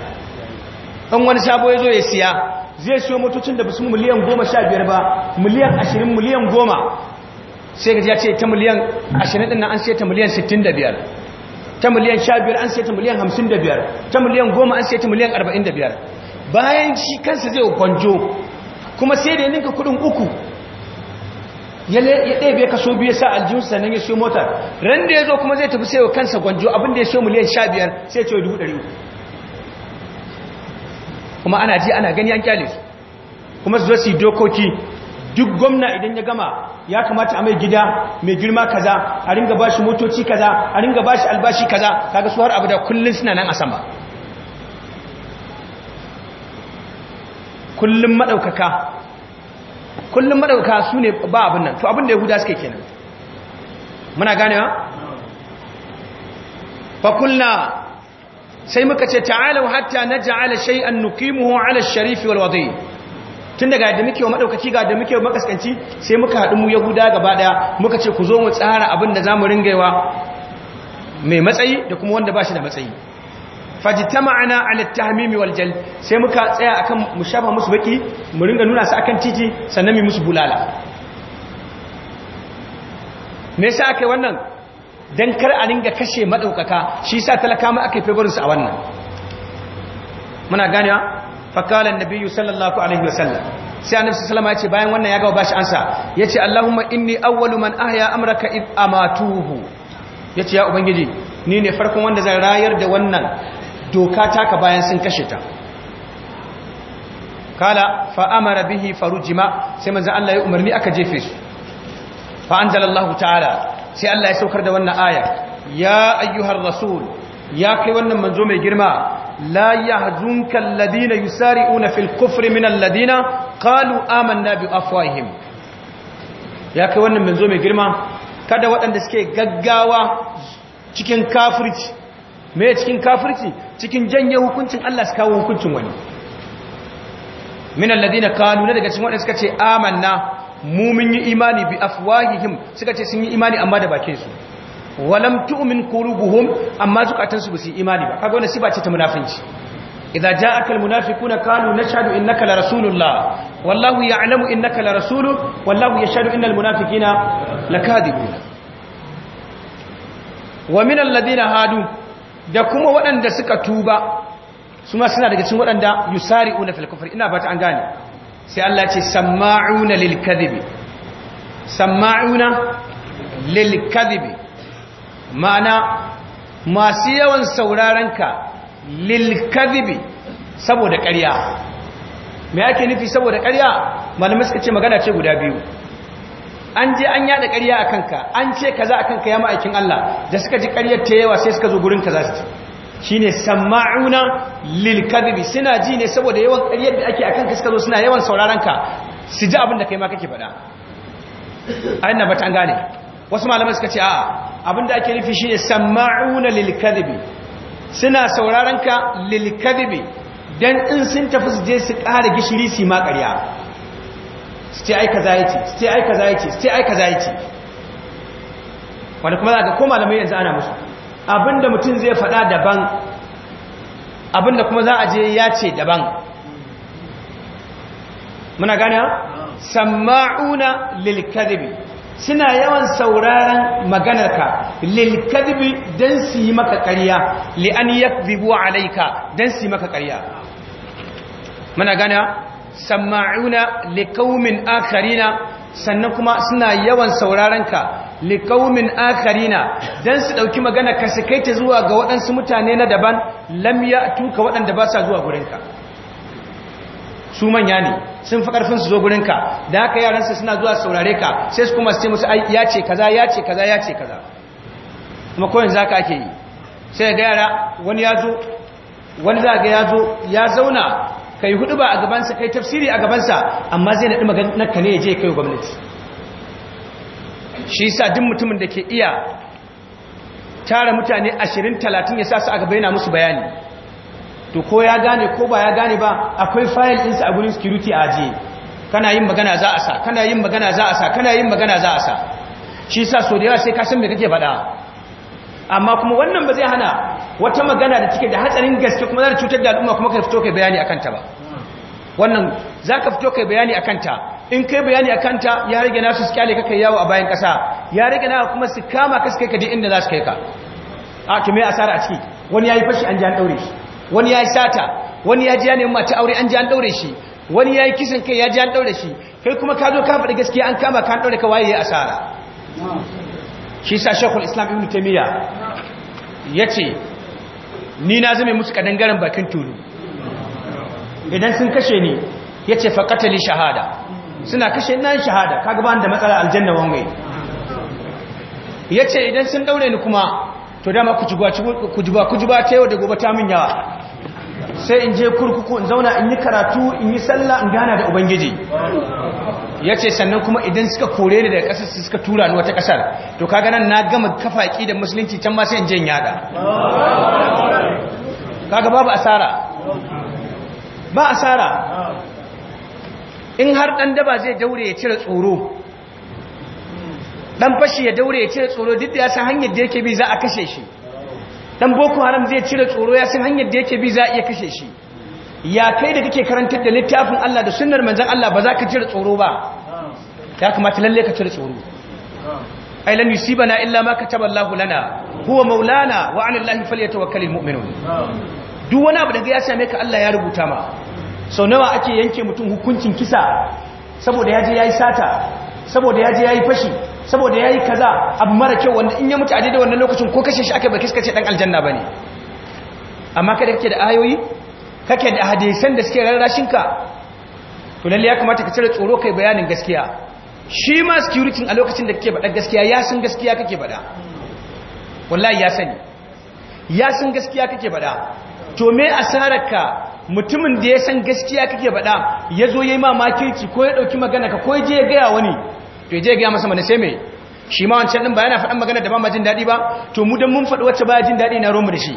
ɗan wani sabo ya zo ya siya zai siyo motocin da basu miliyan goma sha biyar ba miliyan ashirin miliyan goma sai gaji ya ce ta miliyan ashirin ɗin na an sai ta miliyan sittin da biyar ta miliyan sha biyar an sai ta miliyan hamsin da biyar ta miliyan goma an sai ta miliyan arba'in da biyar bayan shi kansa zai kwanjo kuma sai da ya ninka kuɗin uku ya ɗebe kaso biyu sa aljihun sannan ya siyo mota ran da ya zo kuma zai tafi sai wa kansa gwanjo abinda ya siyo miliyan sha biyar sai ce dubu ɗari kuma ana ji ana gani an kyale su kuma su zo dokoki duk gwamna idan ya gama ya kamata a mai gida mai girma kaza a ringa ba shi motoci kaza a ringa ba shi albashi kaza kaga su har abu da kullum suna nan a sama kullum maɗaukaka kullum madauka su ne ba abin nan to abin da yahuda suke kenan muna gane fa fakulna sai muka ce ta'alau hatta naj'ala shay'an nuqimuhu 'ala ash-sharif wal wadi tun daga da muke wa madaukaki ga da muke makaskanci sai muka haɗu mu yahuda gaba daya muka ce ku zo mu tsara abin da zamu ringewa mai matsayi da kuma wanda ba shi da matsayi fajtama'na ma'ana at-tahmim wal jal sai muka tsaya akan mu shafa musu baki mu ringa nuna su akan titi sannan mu musu bulala me yasa kai wannan dan kar a ringa kashe madaukaka shi yasa talaka ma akai favorin su a wannan muna ganewa fa kala an-nabiy sallallahu alaihi wasallam sai annabi sallama yace bayan wannan ya ga bashi ansa yace Allahumma inni awwalu man ahya amraka id amatuhu yace ya ubangiji ni ne farkon wanda zai rayar da wannan doka taka bayan sun kashe ta kala fa'amara bihi jima. sai manzan Allah ya umarni aka jefe su fa'anzalallahu ta'ala sai Allah ya saukar da wannan aya ya ayyuhar rasul ya kai wannan manzo mai girma la yahzunka alladhina yusari'una fil kufri min Ladina, qalu amanna bi afwahihim ya kai wannan manzo mai girma kada waɗanda suke gaggawa cikin kafirci Mai cikin kafirci cikin janye hukuncin Allah su kawo hukuncin wani Minan alladhina kanu na daga cikin waɗanda suka ce amanna mu mun yi imani bi afwahihim suka ce sun yi imani amma da bakin su walam tu'min qulubuhum amma zukatan su basu imani ba kaga wannan siba ce ta munafinci idza ja'aka almunafiquna qalu nashhadu innaka la rasulullah wallahu ya'lamu innaka la rasuluhu wallahu yashhadu innal munafiqina lakadibun wa minan alladhina hadu da kuma waɗanda suka tuba su ma suna daga cikin waɗanda yusari una kufri ina ta an gane sai Allah ce sama'una lilkadibi. sama'una ma'ana masu yawan saurarenka lilkadibi saboda ƙarya me ake nufi saboda ƙarya malamai suka ce magana ce guda biyu an je an yada ƙarya a kanka an ce kaza a kanka ya ma'aikin Allah da suka ji ƙaryar ta yawa sai suka zo gurin ka za su Shi ne sama'una lil kadhibi suna ji ne saboda yawan ƙaryar da ake a kanka suka zo suna yawan sauraron ka su ji abin da kai ma kake faɗa ayyana bata an gane wasu malaman suka ce a'a abin da ake nufi ne sama'una lil kadhibi suna sauraron ka lilkabibi don in sun tafi su je su ƙara gishiri su ma ƙarya su ai kaza yace su ai kaza yace su ce ai kaza yace wanda kuma za ka ko malamai yanzu ana musu abinda mutum zai faɗa daban abinda kuma za a je ya ce daban muna gane sama'una lilkadibi suna yawan sauraron maganarka lilkadibi don su yi maka ƙarya li'an yakdibu alaika don su yi maka ƙarya muna gane sama'una liqaumin akharina sannan kuma suna yawan sauraron ka liqaumin akharina dan su dauki magana ka su kai ta zuwa ga waɗansu mutane na daban lam ya'tuka waɗanda ba sa zuwa gurin ka su manya ne sun fi karfin su zo gurin ka da haka yaran su suna zuwa saurare ka sai su kuma su ce musu ai ya ce kaza ya ce kaza ya ce kaza kuma koyin zaka ake yi sai ga yara wani ya zo wani za ga ya zo ya zauna kai hudu ba a gabansa kai tafsiri a gabansa amma zai naɗi maganarka ne ya je kai gwamnati shi sa duk mutumin da ke iya tara mutane ashirin talatin ya sa su a gaba yana musu bayani to ko ya gane ko ba ya gane ba akwai fayil ɗinsa a gurin security a ajiye kana yin magana za a sa kana yin magana za a sa kana yin magana za a sa shi sa so da yawa sai ka san me kake faɗa amma kuma wannan ba zai hana wata magana da cike da hatsarin gaske kuma za ta cutar da al'umma kuma ka fito kai bayani akan ta ba wannan za ka fito kai bayani akan ta in kai bayani akan ta ya rage nasu su kyale kai yawo a bayan kasa ya rage na kuma su kama ka su kai ka je inda za su kai ka a to me asara a ciki wani yayi fashi an ji an daure shi wani yayi sata wani ya ji ya nemi mata aure an ji an daure shi wani yayi kisan kai ya ji an daure shi kai kuma ka zo ka faɗi gaskiya an kama ka an daure ka waye asara shi sa shekul islam ibn taimiyya ya ce ni na zama musu kadangaren bakin tulu idan sun kashe ni ya ce faƙatali shahada suna kashe na shahada kaga ba da matsala aljanna wangai ya ce idan sun daure ni kuma to dama kujuba jiba ta yau da gobe ta min yawa sai in je kurkuku in zauna in yi karatu in yi sallah in gana da ubangiji ya ce sannan kuma idan suka kore ni daga ƙasar suka tura ni wata ƙasar to kaga nan na gama kafaƙi da musulunci can ma sai in je in yada kaga babu asara ba asara in har ɗan daba zai daure ya cire tsoro ɗan fashi ya daure ya cire tsoro duk da ya san hanyar da yake bi za a kashe shi dan boko haram zai cire tsoro ya san hanyar da yake bi za a iya kashe shi ya kai da kake karantar da littafin Allah da sunnar manzon Allah ba za ka cire tsoro ba ya kamata lalle ka cire tsoro ai lan yusibana illa ma kataballahu lana huwa maulana wa 'ala allahi falyatawakkalul mu'minun duk wani abu daga ya same ka Allah ya rubuta ma sau nawa ake yanke mutum hukuncin kisa saboda ya je sata saboda yaje yayi fashi saboda ya ka kaza abu mara kyau wanda in ya mutu a daidai wannan lokacin ko kashe shi aka baki suka ce dan aljanna ne. amma kada kake da ayoyi kake da hadisan da suke rarrashin ka to lalle ya kamata ka cire tsoro kai bayanin gaskiya shi ma security a lokacin da kake baɗa gaskiya ya san gaskiya kake baɗa. wallahi ya sani ya san gaskiya kake baɗa. to me asararka mutumin da ya san gaskiya kake baɗa ya zo ya yi ci ko ya ɗauki magana ka ko ya je ya gaya wani to je ga masa mana sai me shi ma wancan din ba yana faɗan magana da ba majin jin daɗi ba to mu dan mun faɗi wacce ba jin daɗi na romu da shi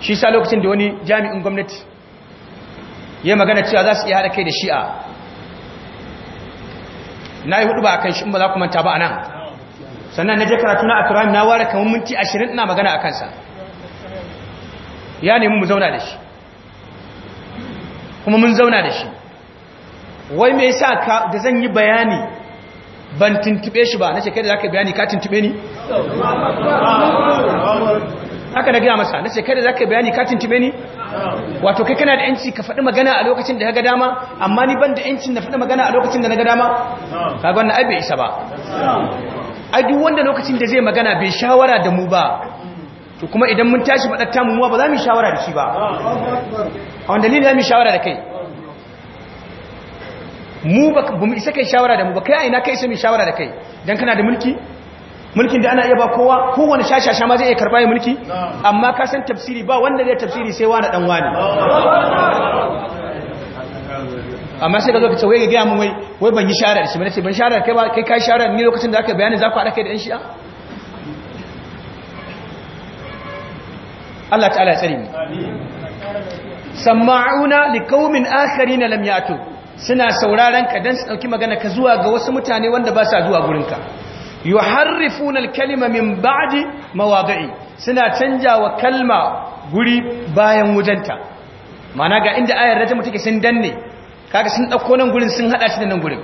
shi sa lokacin da wani jami'in gwamnati ya magana cewa za su iya haɗa kai da shi'a na yi hudu ba a kan shi ba za ku manta ba a nan sannan na je karatu na akirami na ware kamar minti ashirin na magana a kansa ya nemi mu zauna da shi kuma mun zauna da shi wai me yasa ka da zan yi bayani ban tintube shi ba ce kai da zaka bayani ka tuntube ni haka na gina masa ce kai da zaka bayani ka tuntube ni wato kai kana da yanci ka faɗi magana a lokacin da ya ga dama amma ni ban da yanci na faɗi magana a lokacin da na ga dama Ka gwanna ai bai isa ba a duk wanda lokacin da zai magana bai shawara da mu ba to kuma idan mun tashi faɗar tamu ba za mu shawara da shi ba a wanda dalilin za mu shawara da kai mu ba mu isa kai shawara da mu ba kai aina kai isa mu shawara da kai dan kana da mulki mulkin da ana iya ba kowa kowane shashasha ma zai iya karba mulki amma ka san tafsiri ba wanda zai tafsiri sai wani dan wani amma sai ka zo ka ce wai ga gaya mu wai wai ban yi sharar shi ba sai ban sharar kai ba kai kai sharar ni lokacin da aka bayani za ku haɗa kai da yan shi'a Allah ta'ala ya tsare mu sama'una liqaumin akharin lam ya'tu suna sauraron ka don su ɗauki magana ka zuwa ga wasu mutane wanda ba sa zuwa gurin ka yuharrifuna alkalima kalima min ba'di mawadi'i suna canjawa kalma guri bayan wujenta mana ga inda ayar rajmu take sun danne kaga sun dauko nan gurin sun haɗa shi da nan gurin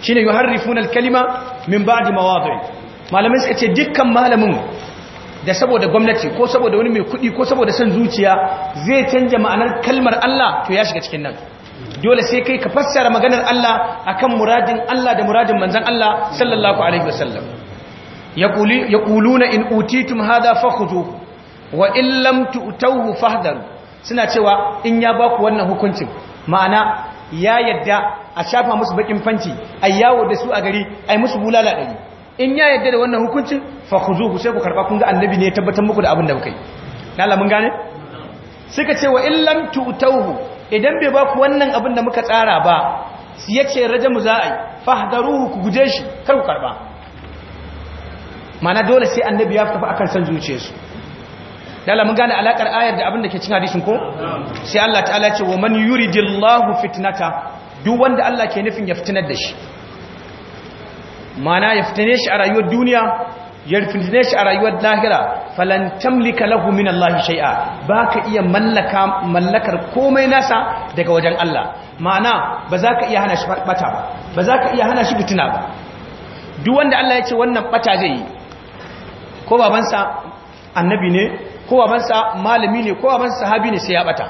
shine yuharrifuna al-kalima min ba'di mawadi'i malamin suka ce dukkan malamin da saboda gwamnati ko saboda wani mai kuɗi ko saboda son zuciya zai canja ma'anar kalmar Allah to ya shiga cikin nan dole sai kai ka fassara maganar Allah akan muradin Allah da muradin manzon Allah sallallahu alaihi wasallam yaquli yaquluna in utitum hadha fakhudhu wa in lam tu'tuhu suna cewa in ya baku wannan hukuncin ma'ana ya yadda a shafa musu bakin fanci a yawo da su a gari ay musu bulala ɗari in ya yadda da wannan hukuncin fakhudhu sai ku karba kun ga annabi ne tabbatar muku da abin da kuka Lalla mun gane. gane suka ce wa in tu'tuhu idan bai ba ku wannan abin da muka tsara ba su yace mu za a yi fahdaruhu ku guje shi kar ku karba mana dole sai annabi ya tafi akan san zuciyarsu dala mun gane alakar ayar da abin da ke cin hadisin ko sai Allah ta'ala ce wa man yuridillahu fitnata duk wanda Allah ke nufin ya fitinar da shi mana ya fitine shi a rayuwar duniya ya rufine shi a rayuwar lahira falan tamlika lahu min Allah shay'a ka iya mallaka mallakar komai nasa daga wajen Allah ma'ana ba za ka iya hana shi bata ba ba za ka iya hana shi fitina ba duk wanda Allah ya ce wannan bata zai yi ko babansa annabi ne ko babansa malami ne ko babansa sahabi ne sai ya bata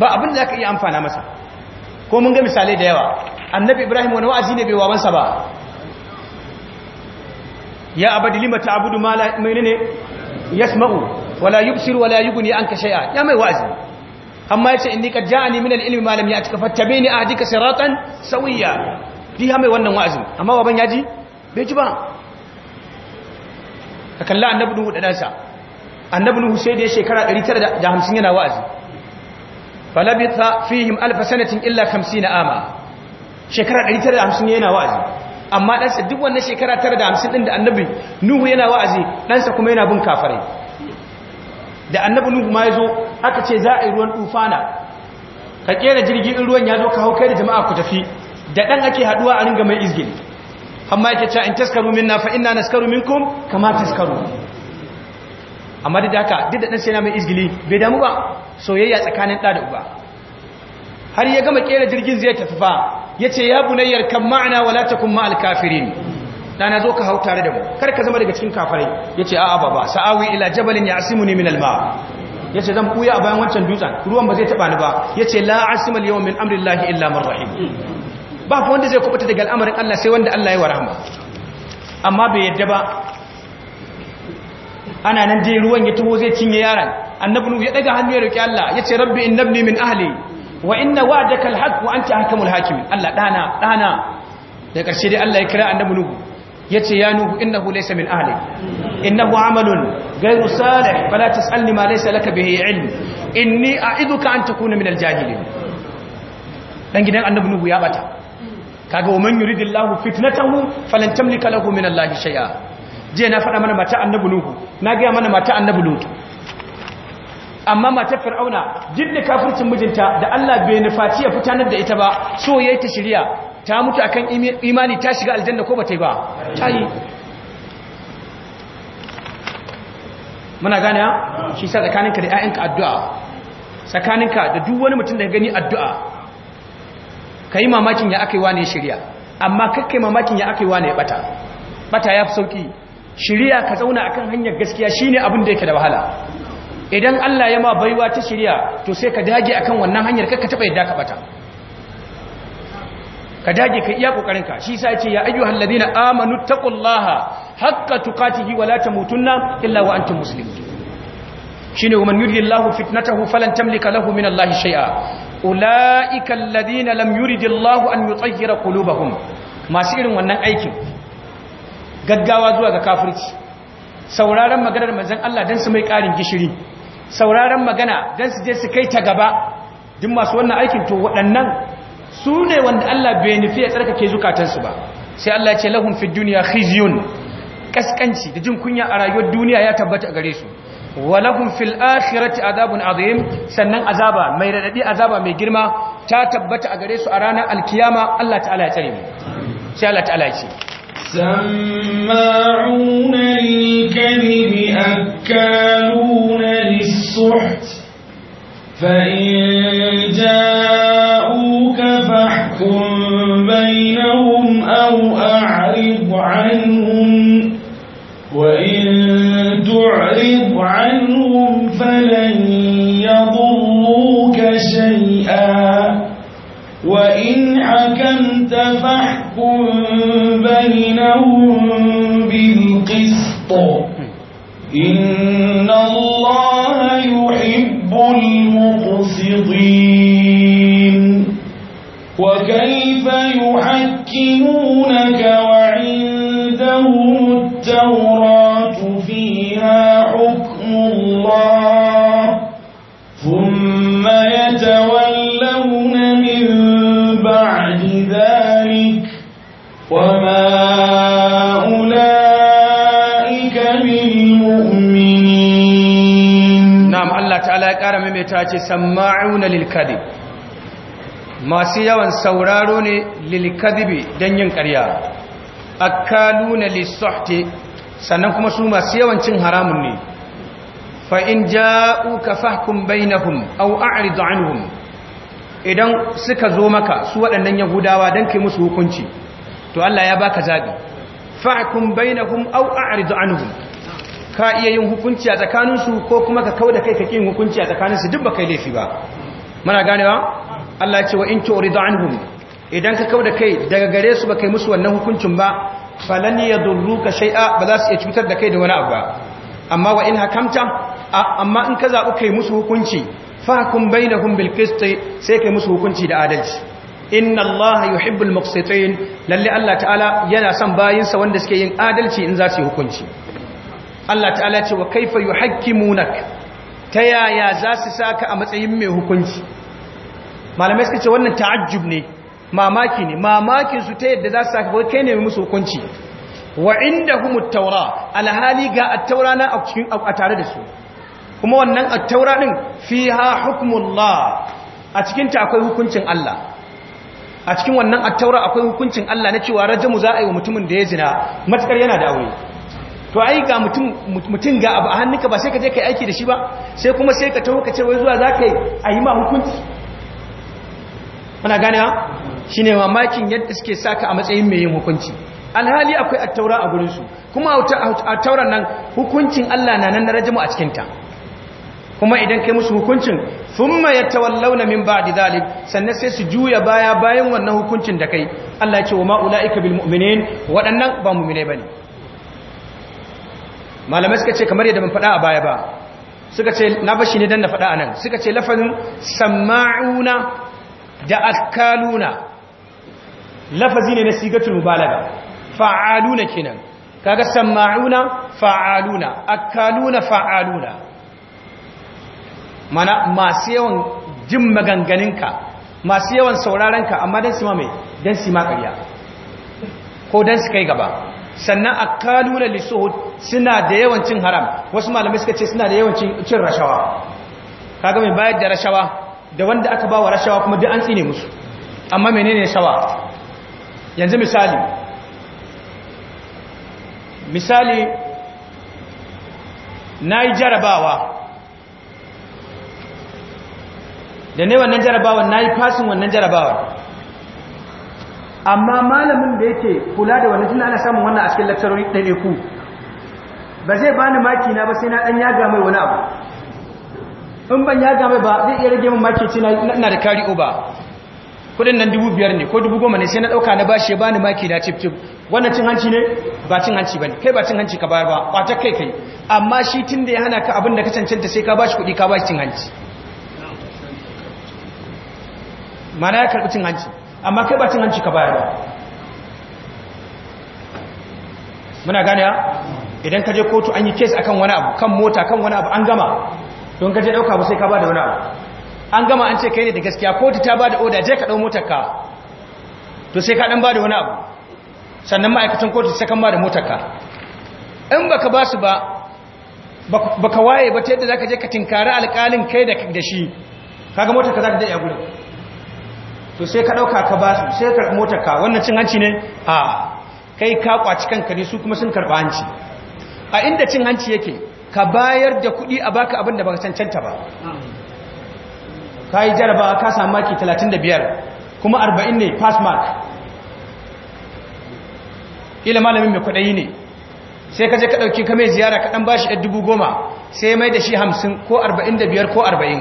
ba abin da za ka iya amfana masa ko mun ga misalai da yawa annabi Ibrahim wani wa'azi ne bai babansa ba ya abadi lima ta ma la menene yasma'u wala yubsiru wala yughni anka shay'a ya mai wazi amma yace inni qad ja'ani min al-ilmi ma lam ya'tika fattabini ahdika siratan di ha mai wannan wa'azin amma baban yaji bai ji ba ka kalla annabi dun hudada sa annabi nuhu sai da shekara 950 yana wazi falabitha fihim alf sanatin illa 50 ama shekara 950 yana wazi amma ɗansa duk wannan shekara tara da hamsin ɗin da annabi nuhu yana wa'azi ɗansa kuma yana bin kafare da annabi nuhu ma ya zo aka ce za a yi ruwan tufana ka kera jirgi in ruwan ya zo ka hau kai da jama'a ku tafi da ɗan ake haɗuwa a ringa mai izgil amma yake cewa in taskaru minna fa inna naskaru minkum kama taskaru amma duk da haka duk da ɗan sai na mai izgili bai damu ba soyayya tsakanin ɗa da uba har ya gama kera jirgin zai tafi fa yace ya bunayyar kan ma'ana wala takum ma'al kafirin dana zo ka hau tare da mu kar ka zama daga cikin kafirai yace a'a baba sa'awi ila jabalin ya'simuni min al-ma yace zan buya a bayan wancan dutsen ruwan ba zai taɓa ni ba yace la asima yawan yawma min amrillahi illa man ba fa wanda zai kubuta daga al'amarin Allah sai wanda Allah ya wa rahama amma bai yadda ba ana nan dai ruwan ya tubo zai cinye yaran annabnu ya daga hannu ya roki Allah yace rabbi innabni min ahli wa inna wa'adaka alhaq wa anta ahkamul hakimin Allah dana dana da karshe dai Allah ya kira annabi nuhu yace ya nuhu innahu laysa min ahli innahu amalun ghayru salih fala tasalni ma laysa laka bihi ilm inni a'iduka an takuna min aljahilin dan gidan annabi nuhu ya bata kaga wa man yuridillahu fitnatahu falan tamlika lahu min allahi shay'a je na faɗa mana mata annabi nuhu na ga mana mata annabi lutu amma Mata fir'auna duk da kafircin mijinta da Allah bai nufaci ya fitanar da ita ba so yayi ta shirya ta mutu akan imani ta shiga aljanna ko bata yi ba ta yi muna gane shi sa tsakaninka da ƴaƴanka addu'a tsakaninka da duk wani mutum da gani addu'a kai mamakin ya akai wane shirya amma kai-kai mamakin ya akai wane bata bata yafi sauki shirya ka zauna akan hanyar gaskiya shine abin da yake da wahala idan Allah ya ma baiwa ta shirya to sai ka dage akan wannan hanyar ka taba yadda ka bata ka dage ka iya kokarin ka shi sai ce ya ayyuhal ladina amanu taqullaha haqqa tuqatihi wa la tamutunna illa wa antum muslimun shine wa man yuridillahu fitnatahu falan tamlika lahu min Allah shay'a ulaika alladhina lam yuridillahu an yutahhira qulubahum masu irin wannan aikin gaggawa zuwa ga kafirci sauraron maganar manzon Allah dan su mai karin gishiri sauraron magana don su je su kai ta gaba duk masu wannan aikin to waɗannan su ne wanda Allah bai nufi ya tsarkake zukatansu ba sai Allah ce lahun fi duniya khizyun kaskanci da jin kunya a rayuwar duniya ya tabbata a gare su wa lahum fil akhirati adabun azim sannan azaba mai radadi azaba mai girma ta tabbata a gare su a ranar alkiyama Allah ta'ala ya tsare mu sai Allah ta'ala ya ce sama'una lil kadhibi akaluna lis السحت فإن جاءوك فاحكم بينهم أو أعرض عنهم وإن تعرض عنهم فلن يضروك شيئا وإن حكمت فاحكم بينهم بالقسط إن الله annabi ta ce sama'una lilkadi masu yawan sauraro ne lilkadibi don yin karya akaluna lissohte sannan kuma su masu yawan cin haramun ne fa'in ja'uka fahkun bainahum au a'ridu anhum idan suka zo maka su waɗannan yahudawa don kai musu hukunci to Allah ya baka zabi fahkun bainahum au a'ridu anhum ka iya yin hukunci a tsakaninsu ko kuma ka da kai ka yin hukunci a tsakaninsu duk ba kai laifi ba muna ganewa Allah ya ce wa in tu'ridu anhum idan ka da kai daga gare su ba kai musu wannan hukuncin ba falan yadurruka shay'a ba za su iya cutar da kai da wani abu ba amma wa in hakamta amma in ka zabu kai musu hukunci fahkum bainahum bil qist sai kai musu hukunci da adalci inna allaha yuhibbul muqsitin lalle Allah ta'ala yana son bayinsa wanda suke yin adalci in za su yi hukunci Allah ta'ala ce wa kaifa yuhakkimunak ta yaya za su saka a matsayin mai hukunci malamai suka ce wannan ta'ajjub ne mamaki ne mamakin su ta yadda za su saka kai ne musu hukunci wa indahumut taura alhali ga at-taura na a tare da su kuma wannan at-taura din fiha hukmullah a cikin ta akwai hukuncin Allah a cikin wannan at-taura akwai hukuncin Allah na cewa rajamu za a yi wa mutumin da ya zina matakar yana da aure to ai ga mutum mutum ga abu a hannunka ba sai ka je kai aiki da shi ba sai kuma sai ka tawo ka ce wai zuwa zakai yi a yi ma hukunci muna ha shine mamakin yadda suke saka a matsayin mai yin hukunci alhali akwai attaura a gurin su kuma attauran nan hukuncin Allah na nan rajimu a cikin ta kuma idan kai musu hukuncin thumma yatawallawna min ba'di zalik sannan sai su juya baya bayan wannan hukuncin da kai Allah ya ce wa ma ulaika bil mu'minin waɗannan ba mu'minai bane malamai suka ce kamar yadda ban faɗa a baya ba suka ce na bashi ne dan na faɗa a nan suka ce lafazin sama'una da akaluna lafazi ne na sigatul mubalaga fa'aluna kenan kaga sama'una fa'aluna akaluna fa'aluna mana masu yawan jin maganganinka masu yawan saurarenka amma dan ma mai dan ma ƙarya ko dan su kai gaba sannan a kanuna lisuhud suna da yawan cin haram wasu malamai suka ce suna da yawan cin rashawa kaga mai bayar da rashawa da wanda aka ba wa rashawa kuma duk an tsine musu amma menene shawa yanzu misali misali na yi jarabawa da ne wannan jarabawan na yi fasin wannan jarabawan amma malamin da yake kula da wannan tunana ana samun wannan a cikin da ɗaya ku ba zai bani maki na ba sai na ɗan yaga mai wani abu in ban yaga mai ba zai iya rage min maki ce na da kari ba kudin nan dubu biyar ne ko dubu goma ne sai na ɗauka na bashi ya bani maki na cif cif wannan cin hanci ne ba cin hanci ba ne kai ba cin hanci ka bayar ba kwata kai kai amma shi tun da ya hana ka abin da ka cancanta sai ka bashi kuɗi ka bashi cin hanci mana ya karɓi cin hanci amma kai ba cin hanci ka bayar ba muna gane idan ka je kotu an yi kes akan wani abu kan mota kan wani abu an gama don ka je dauka ba sai ka bada wani abu an gama an ce kai ne da gaskiya kotu ta bada oda je ka dau motar ka to sai ka dan bada wani abu sannan ma'aikatan kotu sai kan bada motar ka in baka ba su ba baka waye ba ta yadda zaka je ka tinkari alƙalin kai da shi kaga motar ka zaka da a gurin to sai ka ɗauka ka ba su sai ka motar ka wannan cin hanci ne a kai ka kwaci kanka ne su kuma sun karɓi hanci a inda cin hanci yake ka bayar da kuɗi a baka abin da baka cancanta ba ka yi jaraba ka samu maki 35 kuma 40 ne pass mark ila malamin mai kwaɗayi ne sai ka je ka ɗauki ka mai ziyara ka ɗan bashi goma sai mai da shi hamsin ko arba'in biyar ko arba'in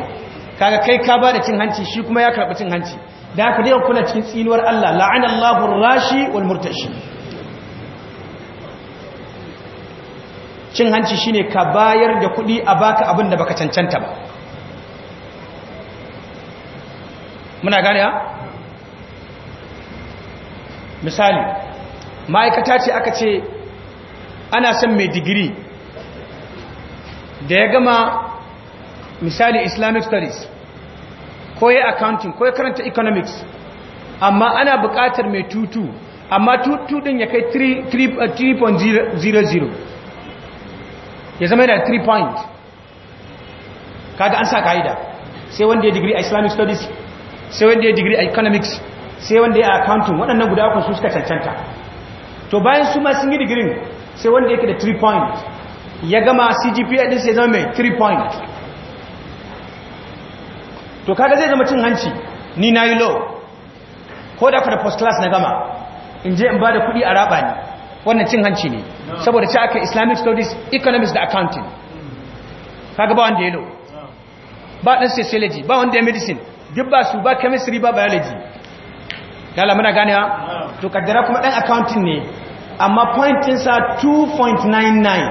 kaga kai ka ba da cin hanci shi kuma ya karɓi cin hanci da aka dai kuna cikin tsinuwar Allah la'anallahu rashi wal murtashi cin hanci shine ka bayar da kuɗi a baka abin da baka cancanta ba muna gane ha misali ma'aikata ce aka ce ana son mai digiri da ya gama misali islamic studies ko ya accounting ko ya karanta economics amma ana buƙatar mai tutu amma tutu din ya kai 3.00 uh, ya zama yana 3 point kada an sa ka'ida sai wanda ya digiri a islamic studies sai wanda ya digiri a economics sai wanda ya accounting waɗannan guda uku su suka cancanta to bayan su ma sun yi digirin sai wanda yake da 3 point ya gama cgpa din sai zama mai 3 point to kaga zai zama cin hanci ni na yi low ko da ka da first class na gama in je in ba da kuɗi a raba ni wannan cin hanci ne saboda ci aka islamic studies economics da accounting kaga ba wanda ya low ba ɗan sociology ba wanda ya medicine duk ba su ba chemistry ba biology yala muna gane ha to kaddara kuma dan accounting ne amma pointinsa 2.99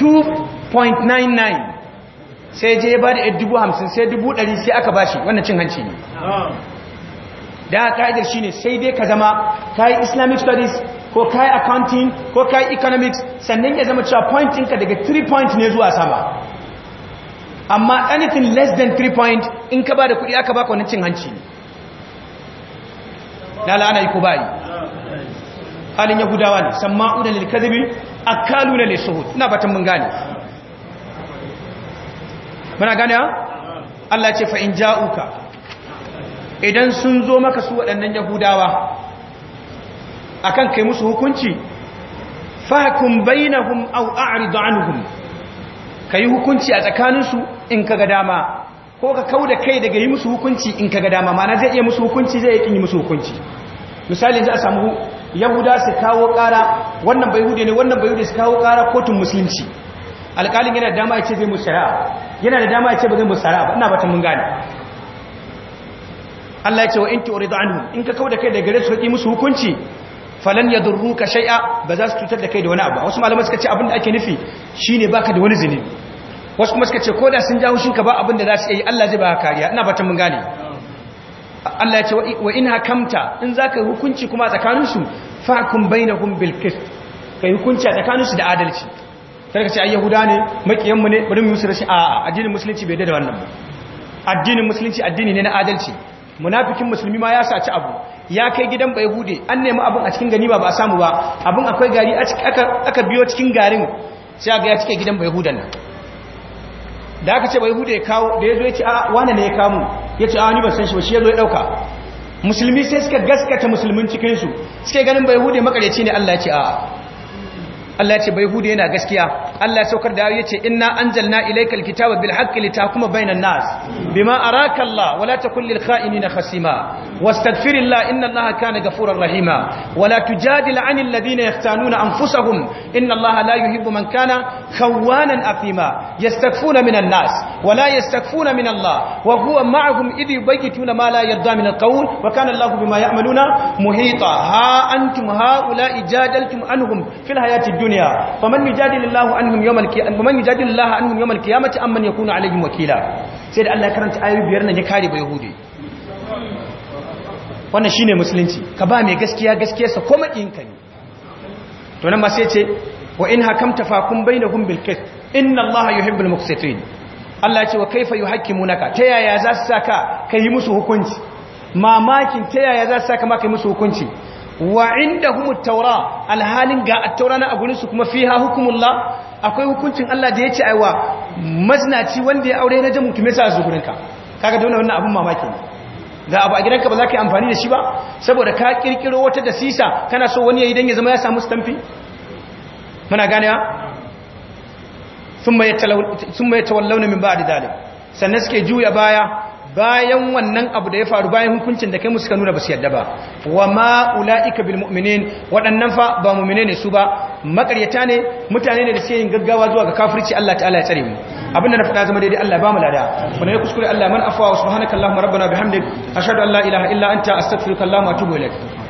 2.99 sai je ba da yar dubu hamsin sai dubu ɗari sai aka ba shi wannan cin hanci ne da ka'idar shine sai dai ka zama ka yi islamic studies ko ka yi accounting ko ka yi economics sannan ya zama cewa point ɗinka daga 3 point ne zuwa sama amma anything less than 3 point in ka ba da kuɗi aka ba kwanan cin hanci ne lalana yi ko bayi halin yahudawa ne samma'u da a akalu na lesuhut ina fatan mun gane muna gane Allah ce fa in ja'uka idan sun zo maka su waɗannan yahudawa akan kai musu hukunci fahkum bainahum aw a'rid anhum kai hukunci a tsakaninsu in kaga dama ko ka kauda kai daga yi musu hukunci in kaga dama mana zai iya musu hukunci zai yi musu hukunci misali za a samu yahuda su kawo kara wannan bai hude ne wannan bai hude su kawo kara kotun musulunci alƙalin yana dama ya ce zai musu shari'a yana da dama ya ce ba zan busara ba ina batun mun gane Allah ya ce wa in tu'ridu anhu in ka kauda kai da gare su ki musu hukunci falan yadurruka shay'a ba za su cutar da kai da wani abu wasu malamai suka ce abin da ake nufi shine baka da wani zunubi wasu kuma suka ce koda sun jawo shinka ba abin da za su yi Allah zai baka kariya ina batun mun gane Allah ya ce wa in hakamta in zaka hukunci kuma tsakaninsu kun bainahum bil qist kai hukunci a tsakaninsu da adalci sai ka ce ai yahuda ne makiyanmu mu ne bari mu musu rashin a'a addinin musulunci bai daidai wannan ba addinin musulunci addini ne na adalci munafikin musulmi ma ya saci abu ya kai gidan bai hude an nemi abin a cikin gani ba a samu ba abin akwai gari aka biyo cikin garin sai ga ya cike gidan bai hudan nan da aka ce bai hude ya kawo da ya zo ya ce a wane ne ya kamu ya ce a ni ba san shi ba shi ya zo ya dauka musulmi sai suka gaskata musulmin cikinsu suke ganin bai hude makareci ne allah ya ce a Allah ce bai hudu yana gaskiya Allah saukar da yace inna anzalna ilaykal kitaba bil haqqi litahkuma bainan nas bima araka Allah wala takul lil kha'inina khasima wastaghfirillah inna Allah kana gafuran rahima wala tujadil 'anil ladina yaftanuna anfusahum inna Allah la yuhibbu man kana khawanan afima yastaghfuna minan nas wala yastaghfuna min Allah wa huwa ma'ahum idh yubayituna ma la yarda min alqawl wa kana Allah bima ya'maluna muhita ha antum haula ijadaltum anhum fil hayati dunya duniya faman yujadilillahu anhum yawmal qiyamah faman yujadilillahu anhum yawmal qiyamati amman yakunu alaihim wakila sai da Allah ya karanta ayoyi biyar nan ya kare ba yahudi wannan shine musulunci ka ba mai gaskiya gaskiya sa ko ka ne to nan ma sai ce wa in hakamta fakum bainahum bil qist inna allaha yuhibbul muqsitin Allah ce wa kaifa yuhakkimunaka ta yaya za su saka kai musu hukunci mamakin ta yaya za su saka maka musu hukunci wa inda at-taura alhalin ga a taura na agurin su kuma fiha hukumullah akwai hukuncin Allah da ya ce aiwa maznaci wanda ya aure na jamu tume sa zuhurinka kaga dole wannan abin mamaki ne ga abu a gidanka ba za ka yi amfani da shi ba saboda ka kirkiro wata da sisa kana so wani ya yi don ya zama ya samu stamfi muna ganewa thumma yatawallawna min a dhalik sannan suke juya baya bayan wannan abu da ya faru bayan hukuncin da kai musu ka nuna ba su yadda ba wa ma ula'ika bil mu'minin waɗannan fa ba mu'mine ne su ba makaryata ne mutane ne da sai yin gaggawa zuwa ga kafirci Allah ta'ala ya tsare mu abinda na faɗa zama daidai Allah ba mu lada kuma ne kuskure Allah man afwa wa subhanaka allahumma rabbana bihamdik ashhadu an la ilaha illa anta astaghfiruka wa atubu ilaik